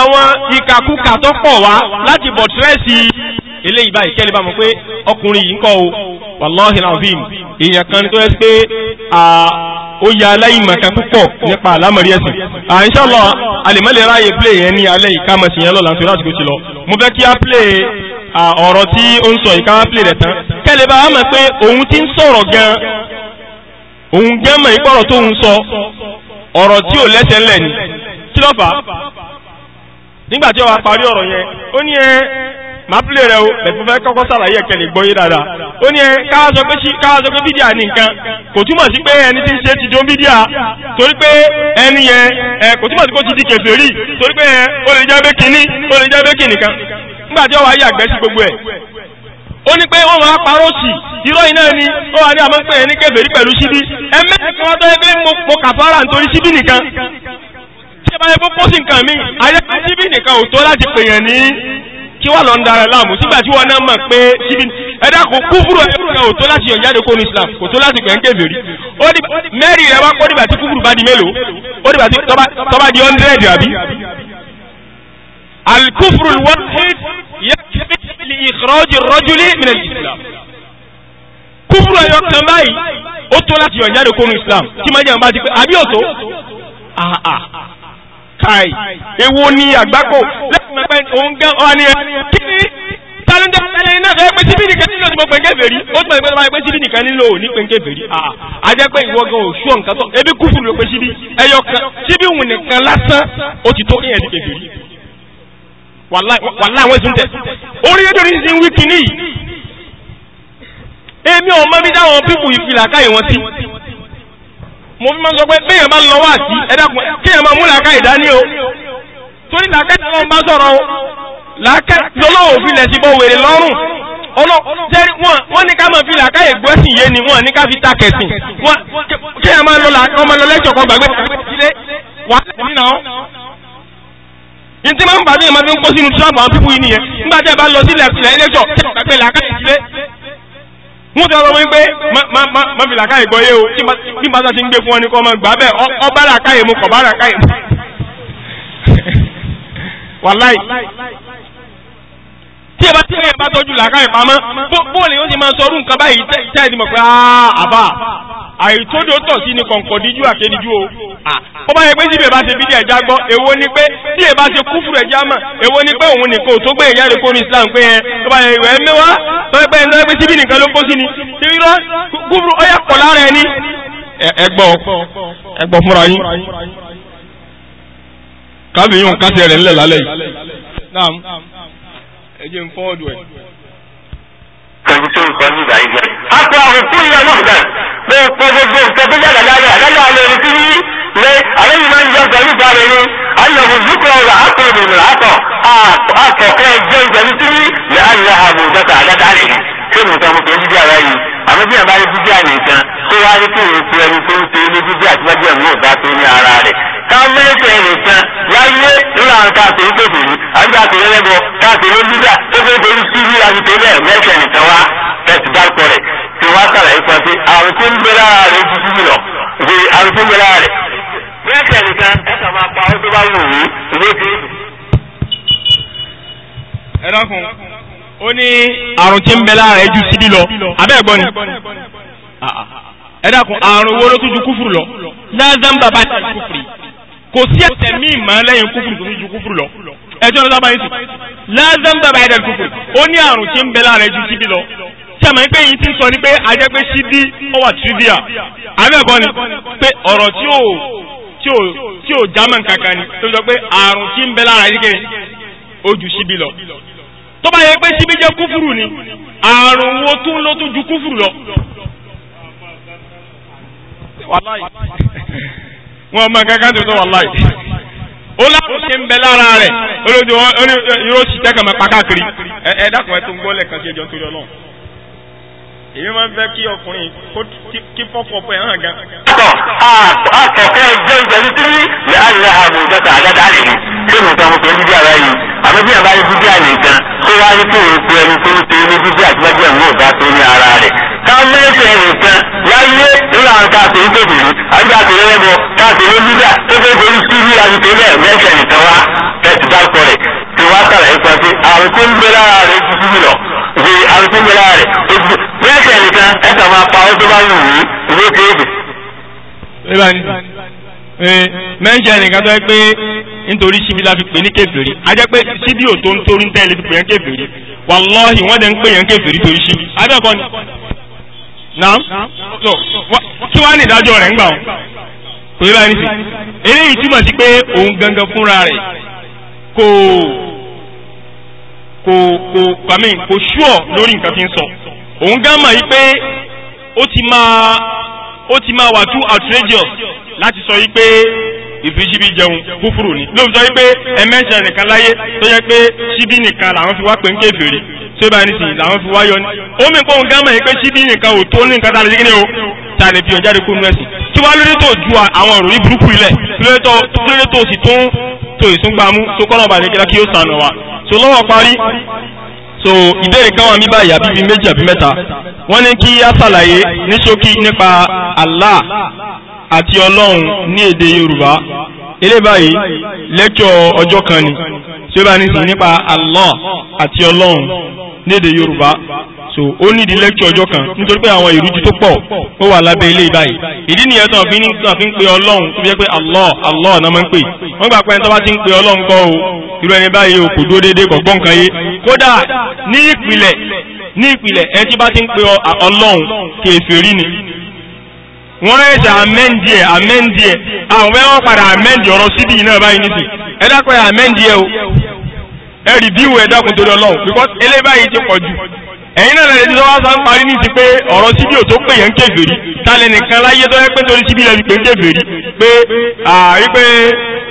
àwọn ìkàkùkà tó pọ̀ wá láti bọ̀ tírẹ́sì eléyìí báyìí kẹ́lẹ́ bá mọ̀ pé ọkùnrin yìí ń kọ́ o wàláhì alazim èèyàn kan tó yẹ pé ó ya aláìmọ̀ká púpọ̀ nípa àlámọ̀rí ẹ̀sìn inshallah àlèmọ́lẹ̀ ráyè play yẹn ní alẹ́ yìí ká mọ̀ sí yẹn lọ́la nítorí àsìkò ti lọ mo fẹ́ kí á play ọ̀rọ̀ tí ó ń sọ yìí ká wá play rẹ̀ tán kẹ́lẹ́ bá mọ̀ pé òun ti ń sọ̀rọ̀ gan òun gan mọ̀ ìpọ̀rọ̀ tó ń sọ ọ̀rọ̀ tí ò lẹ́sẹ̀ ńlẹ̀ ni kí ló fà á nígbà tí ó wá parí ọ̀rọ̀ yẹn ó ní ẹ máa pílẹ̀ rẹ̀ o lẹ́tí fẹ́ kọ́kọ́ sàlàyé ẹ̀kẹ́ lè gbọ́ yé dáadáa ó ní ẹ káàzọ pé bídíà ní nǹkan kò túmọ̀ sí pé ẹni tí ń ṣe ti dó bídíà torí pé ẹni yẹn ẹ kò túmọ̀ sí pé ó ti di kèfèrí torí pé ẹ ó lè jẹ́ bẹ́kì ní ó lè jẹ́ bẹ́kì nìkan nígbà tí ó wáyé àgbẹ̀ sí gbogbo ẹ̀ ó ní pé wọ́n máa parọ́ sí irọ́ iná ni ó wà ní àmọ́pẹ́ ẹni kèfèrí pẹ̀lú síbí ẹ mẹ́rin mi ayé síbí nìkan ò tó kí wà lọ ń dara láàmú sígbà tí wọn náà mọ̀ pé síbi ẹ̀dá kò kúfùrù ẹ̀rọ kan ò tó láti yàn jáde kó ní Islam kò tó láti pẹ̀ ń kéfì rí mẹ́rin rẹ̀ wá kó dìgbà tí kúfùrù bá di mélòó ó dìgbà tí tọ́ba di hundred àbí. الكفر الوحيد يكفي لإخراج الرجل من الإسلام kúfùrù ẹ̀yọ kan báyìí ó tó láti yàn jáde kó ní Islam tí máa jẹ́ àbá ti pé àbí ọ̀tọ̀ kai èwo ni àgbákò lẹ́yìn pẹ́ òun gẹ́ ọ́ ni kí ni tàlẹ́ńdẹ́ tàlẹ́ iná fẹ́ pé síbí nìkan nílò tí mo pèǹkẹ́ fèrí ó ti pẹ̀lú pé síbí nìkan nílò ní pèǹkẹ́ fèrí àjẹ́ pé ìwọ gan òṣù nǹkan tó ebi kúfùrù ló pé síbí ẹyọ kan síbí òun nìkan lásán ó ti tó kéèyàn ti kèfèrí wàláì wọ́n ìsúntẹ̀ orí yẹ́dọ̀ ní sin wíkì níyì èmi ọmọ mi dáwọn pípù ìfìlà káyìí wọn sí mo fi máa sọ pé bẹ́ẹ̀ bá lọ wá sí ẹ̀dàkùn kí ẹ̀ máa mú làákà ìdání o torí làákà ìdání bá sọ̀rọ̀ o làákà lọ́lọ́wọ́ fi lẹ̀ sí bọ́ wèrè lọ́rùn jẹ́rí wọ́n ní ká máa fi làákà ìgbẹ́sìn yé ni wọ́n ní ká fi ta kẹ̀sìn kí ẹ̀ máa lọ làákà ọmọ lọ kan gbàgbé ilé wàhálà nínà ọ́ ní tí máa ń bàdé wọ́n ti sọ wípé má fi gbọ́ yé o tí bá sá ti ń gbé fún ọ ní kọ́ ọmọ gbà bẹ́ẹ̀ ọba làkàyè mu kọ̀ bá làkàyè mu wàláì tí ẹ bá tí ẹ bá tọ́jú làákàyè pamọ́ bóòlù yóò ti máa sọ ọdún kan báyìí tẹ́ ìdí mọ̀ pé àbá àìtódò tọ̀ sí ni kọ̀ǹkọ̀ díjú àkédíjú o ó bá yẹ pé síbi ẹ bá ṣe bídí ẹja gbọ́ èwo ni pé tí ẹ bá ṣe kúfùrù ẹja mọ̀ èwo ni pé òun nìkan ò tó gbé ìyá rẹ̀ kó ní Islam pé ẹ tó bá yẹ ìwẹ̀ mẹ́wàá tó yẹ pé ẹ lọ́wọ́ pé síbi nìkan ló ń kó sí ni tí rírọ́ kúfùrù ọyà pọ̀ lára ẹni ẹgbọ́ ẹgbọ́ fúnra yín kábíyàn kásẹ̀ rẹ̀ ńlẹ̀ lálẹ́ yìí ẹ jẹ́ ń fọ́ọ̀dù ẹ̀. kẹ́mi tó ń sọ ní ìgbà yìí jẹ́. a kọ àwọn fún ìyá náà dà pé pé gbogbo nǹkan tó yàgà lára lọ́la àlẹ́ rẹ̀ sí lé àwọn yìí máa ń yọ pẹ̀lú ìgbà rẹ̀ ni alẹ́wò zukọ̀ rẹ̀ àkọlù rẹ̀ àtọ̀ àkọ̀kẹ́ jẹ́ ìjẹ́bi sí lẹ́ àlẹ́ àbò ìjọba àdáda rẹ̀ ṣé mo sọ mo kì í jíjà ara yìí àmọ́ bí àbá rí jíjà nìkan tó wá rí kí èyí ti ẹni tó ń ṣe é ní jíjà tí wọ́n jẹ́ mú ọ̀gá tó ní ara ká mílíkì ẹ̀rọ kan láyé nínú àwọn káàtó ń pèsè yìí àbí káàtó lẹ́lẹ́bọ káàtó ló dídà tó fẹ́ torí sírí àbító náà mẹ́sẹ̀ nìkan wá tẹ̀sí dárúkọ rẹ̀ tí wọ́n sàlàyé fún ọtí àwọn tó ń bẹ lára rẹ̀ ti síbi lọ ìwé àwọn tó ń bẹ lára rẹ̀. mẹ́sẹ̀ nìkan ẹ̀ka máa pa ó bá wù wí ìwé ti. ẹ dákun ó ní àrùn tí ń bẹ lára rẹ̀ ju síbi lọ abẹ́ẹ̀ gbọ́ ni ah, ah, ah, ẹ dákun àrùn wo ló tún ju kúfùrù lọ lẹ́ẹ̀dán bàbá ti kúfùrù kò sí ẹ̀ṣẹ̀ míì mọ́ lẹ́yìn kúfùrù tó fi ju kúfùrù lọ ẹjọ́ lọ́dọ́ báyìí sùn lásán bàbá ẹ̀dá kúfùrù ó ní àrùn tí ń bẹ lára ju síbi lọ tí a máa ń pè yín ti sọ ni pé ajẹ́ pé sídí ó wà trivia àbẹ̀kọ́ ni pé ọ̀rọ̀ tí ò tí ò tí ò jámọ̀ kankan ni tó sọ pé àrùn tí ń bẹ lára yìí kéré ó ju síbi lọ tó bá yẹ pé síbi jẹ́ kúfùrù ni àrùn wo tún ló tún ju kúfùrù lọ wọn ọmọ nǹkan kan tó sọ wàláì ó láwọn ṣe ń bẹ lára rẹ olójú yóò sì tẹ́ kàmẹ́ pàkàkiri ẹ ẹ dákun ẹ tó ń gbọ́ lẹ́ẹ̀kan sí ẹjọ́ torí ọlọ́run èmi máa ń fẹ́ kí ọkùnrin kí fọ́fọ́fọ́ ẹ̀ hàn gan. akẹ́kẹ́ ẹgbẹ́ ìjẹ́jú tí ní àlẹ́ ààbò ìjọta àdáda rẹ̀ ni tí mo sọ fún bíbí ara yìí àmọ́ bí àbáyé bíbí àlè gan tó wá ní kí òun pe ẹni tó ń pe ní bíbí àtúbájú ẹ̀ ń wò bá tó ní ara rẹ̀ ká mẹ́sẹ̀ nìkan láyé nílò àwọn ká sí tóbi ní àgbà tó lé lẹ́bọ̀ ká sí ní dídà tó fẹ́ borí sí ní àyùké bẹ́ẹ̀ mẹ́sẹ̀ nìkan wá tẹ̀sí dárúkọ rẹ̀ tí wá sàlàyé pa sí àrùn tó ń gbé lára rẹ̀ ti síbi lọ ìwé àrùn tó ń gbé lára rẹ̀ tó ti mẹ́sẹ̀ nìkan ẹ̀ kà máa pa ó tó bá wù yí ìwé kéèké. mẹ́sẹ̀ nìkan tó yẹ pé nítorí síbi la fi pè ní kèfèrí a jẹ́ pé síbi ò tó ń torí ń tẹ́lẹ̀ fi pè yẹn kèfèrí wàlọ́ọ̀hì wọ́n dẹ̀ ń pè yẹn kèfèrí torí síbi abẹ́ẹ̀kọ́ ni náà tó kí wàá ní ìdájọ́ rẹ̀ ń gbà ọ́ kò yẹ báyìí nìsín eléyìí túmọ̀ sí pé òun gangan fúnra rẹ̀ kò kò kò pàmì kò ṣúọ̀ lórí nǹkan tí ń sọ òun gán mọ̀ yí pé ó ti máa ó ti máa wà too outrageous láti sọ yí pé ìfisíbi jẹun kúfùrù ni lóòótọ́ sọ wípé ẹ̀mẹ́sẹ̀ nìkan láyé tó yẹ pé síbí nìkan làwọn fi wá pé ń kèfèrí tó bá ní sìn làwọn fi wá yọ ní. omi kò ń gámọ̀ yìí pé síbí nìkan ò tó ní nǹkan tá a lè dígí ni o tá a lè fi ọ̀jáde kó nu ẹ̀sìn tí wàá lórí tó ju àwọn ọ̀rọ̀ yìí burúkú ilẹ̀ lórí tó sì tó tó ìsúngbàmú tó kọ́nà bàdé kíra kí ó sànù wa so lọ́wọ́ parí so ìbéèrè kan wà mí báyìí àbí bíi méjì àbí mẹ́ta wọ́n ní kí á ṣàlàyé ní ṣókí nípa Allah àti ọlọ́run ní èdè yorùbá eléyìí báyìí lẹ́kọ̀ọ́ ọjọ́ kan ni tí ó bá ní sìn nípa allah àti ọlọ́run ní èdè yorùbá so ó nídìí lẹ́kọ̀ọ́ ọjọ́ kan nítorí pé àwọn ìrújú tó pọ̀ ó wà lábẹ́ eléyìí báyìí ìdí nìyẹn tó fi ń tó fi ń pe ọlọ́run tó fi jẹ́ pé allah allah náà máa ń pè wọ́n gbà pé ẹni tó bá ti ń pe ọlọ́run kọ́ o irú ẹni báyìí o kò dúró déédéé kọ̀ọ̀gbọ́n kan yé kódà ní ìpìlẹ̀ ní ìpìlẹ̀ ẹni tí bá ti ń pe ọlọ́run kèfèrí ni wọ́n ẹ̀ṣẹ̀ amẹ́ndì ẹ̀ amẹ́ndì ẹ̀ àwọn ẹ̀ wọ́n padà amẹ́ndì ọ̀rọ̀ sídì iná báyìí nìsí ẹ dákun ẹ̀ amẹ́ndì ẹ̀ o ẹ rìbíwò ẹ dákun tó lọ́wọ́ because eléyìí báyìí ti pọ̀ jù ẹ̀yin náà lẹ́yìn tó wá sá ń parí ní ti pé ọ̀rọ̀ síbí ò tó pè yẹn ń kèfèrí talẹ̀ nìkan láyé tó yẹ pé torí síbí lẹ́bi pé ń kèfèrí pé àárí pé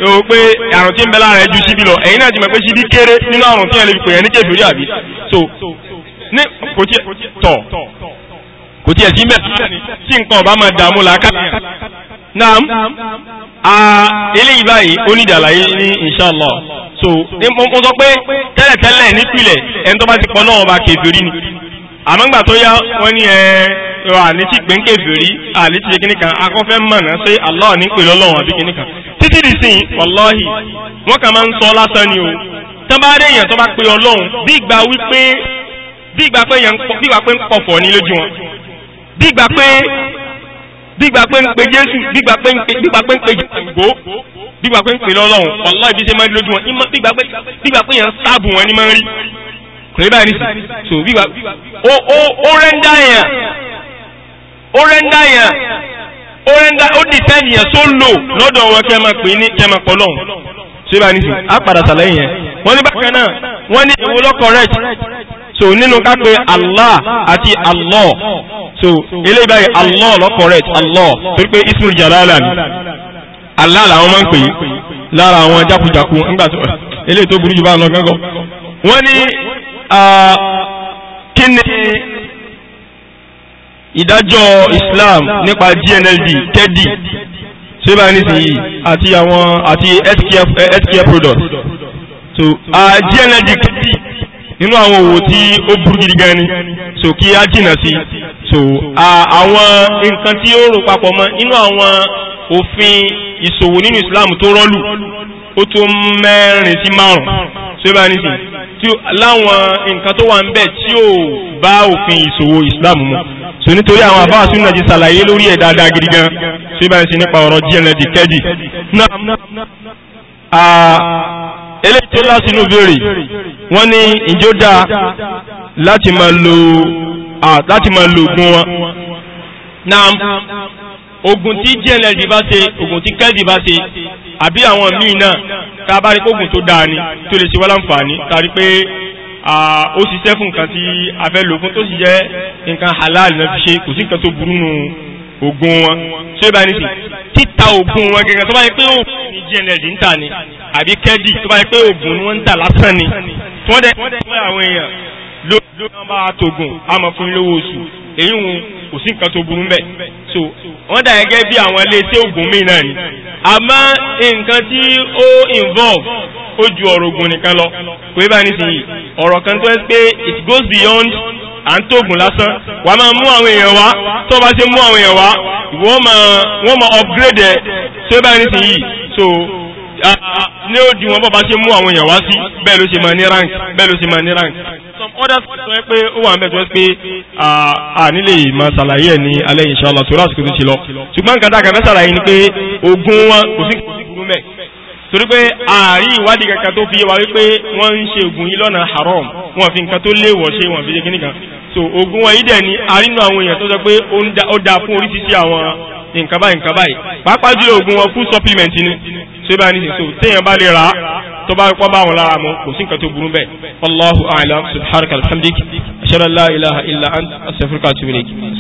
o pé àrùn tí ń bẹ lára ẹ ju síbí lọ ẹ̀yin náà ti mọ̀ pé síbí kéré nínú àrùn tí yẹn lè pè yẹn ní kèfèrí àbí so ní kò tí tọ̀ kò tiẹ̀ sí mẹ́rin tí nǹkan ọba máa dààmú làákàtà naam eléyìí báyìí ó ní ìdàlàyé so mo sọ pé tẹ́lẹ̀tẹ́lẹ̀ nípìnlẹ̀ ẹni tó bá ti pọ̀ náà ọba kèfèrí ni àmọ́ ńgbà tó yá wọ́n ní ẹ àlétí gbẹ̀ǹkẹ̀ fèrí àlétí kíní kan akọ́fẹ́ mọ̀nà sí Allah ní pẹ̀lú ọlọ́run àbí kíní kan títí di sìn wàláhì wọ́n kàn máa ń sọ lásán ni o tán bá réèyàn tó bá pe ọlọ́run bí ìgbà wípé bí ìgbà pé ń pọ̀fọ̀ ní lójú wọn bí ìgbà pé bí ìgbà pé ń pe Jésù bí ìgbà pé ń pe bí ìgbà pé ń pe Jàǹgó bí ìgbà pé ń pe lọ́lọ́run wàláhì bí ṣe máa ń lójú wọn bí ìgbà pé bí ìgbà pé yẹn ń sáàbù wọn ní máa ń rí kò báyìí nísì so bí ìgbà ó ó ó rẹ́ńdá yẹn ó rẹ́ńdá yẹn ó rẹ́ńdá ó dìtẹ́ nìyẹn tó lò lọ́dọ̀ wọn kí ẹ máa pè ní kí máa pọ̀ lọ́hùn ṣé bá ní sí á padà sàlàyé yẹn wọ́n ní bákan náà wọ́n ní èwo ló correct so nínú ká pé Allah àti Allah so eléyìí báyìí Allah ló correct Allah torí pé ismul jalala ni Allah làwọn máa ń pè é lára àwọn jákujàku nígbà tó eléyìí tó burú jù bá ń lọ gángan wọ́n ní kí ni ìdájọ́ Islam nípa GNLD tẹ́dì ṣé báyìí ati àti ati àti healthcare products so díẹ̀ lẹ́jì kiti nínú àwọn òwò tí ó burú gidi gan ni so kí á jìnà sí so àwọn nǹkan tí ó rò papọ̀ mọ́ nínú àwọn òfin ìṣòwò nínú Islam tó rọ́lù ó tó mẹ́rin sí márùn ṣé báyìí nísìnyí láwọn nǹkan tó wà ń bẹ̀ tí ò bá òfin ìṣòwò Islam mu so nítorí àwọn àbá àsúnà ti ṣàlàyé lórí ẹ̀ dáadáa gidi gan ṣé báyìí sí nípa ọ̀rọ̀ GLD kẹ́dì náà eléyìí tó láti inú béèrè wọ́n ní ìjó dáa láti máa lo láti máa lo ogun wọn na ogun tí GLD bá ṣe ogun tí kẹ́dì bá ṣe àbí àwọn míì náà tá bá rí kógun tó dáa ni tó lè ṣe wá láǹfààní tá pé ó ṣiṣẹ́ fún nǹkan tí a fẹ́ lò fún tó sì jẹ́ nǹkan halal náà fi ṣe kò sí nǹkan tó burú nù oògùn wọn ṣé bá ní sí títa oògùn wọn gẹ́gẹ́ tó bá yẹ pé oògùn ní gns ń tà ni àbí kẹ́dì tó bá yẹ pé oògùn ni ń tà lásán ni tí wọ́n dẹ̀ fún àwọn èèyàn lórí wọn bá tògùn àmọ́ oṣù èyí wọn kò sí nǹkan tó burú mbẹ̀ so wọ́n dà gẹ́gẹ́ bí àwọn iléeṣẹ́ oògùn míì ni àmọ́ nǹkan tí ó involve ó ju ọ̀rọ̀ oògùn nìkan lọ kò bá ní sìn yìí ọ̀rọ̀ kan tó ń pé it goes beyond à ń tóògùn lásán wàá máa mú àwọn èèyàn wá tó bá ṣe mú àwọn èèyàn wá wọ́n máa upgrade ẹ̀ tó bá ní sìn yìí so Ah, ah, ní ó di wọn bọ́ bá ṣe mú àwọn èèyàn wá sí bẹ́ẹ̀ ló ṣe máa ní rank bẹ́ẹ̀ ló ṣe máa ní rank some others sọ pé ó wà mẹ́tọ́ pé ànílè ìmọ̀ ṣàlàyé ẹ̀ ní alẹ́ inshallah tó lásìkò tó ti lọ ṣùgbọ́n nǹkan tá a kàn ṣàlàyé ni pé ogun wọn kò sí kò sí burú mẹ́ẹ̀ torí pé ààrí ìwádìí kankan tó fi yé wa wípé wọ́n ń ṣe ògùn yìí lọ́nà haram wọ́n fi nǹkan tó léèwọ̀ ṣe wọ́n fi ṣe kíní kan so ògùn wọn yìí dẹ̀ ni àrínú àwọn èèyàn tó sọ pé ó da fún oríṣiríṣi àwọn nǹkan báyìí nǹkan báyìí pàápàá jùlọ ògùn wọn fún supplement ni so ibà ní so téèyàn bá lè rà á tó bá pọ́ bá wọn lára mọ́ kò sí nǹkan tó burú bẹ́ẹ̀ Allahu a'lam subhanaka alhamdik ashhadu an ilaha illa ant astaghfiruka wa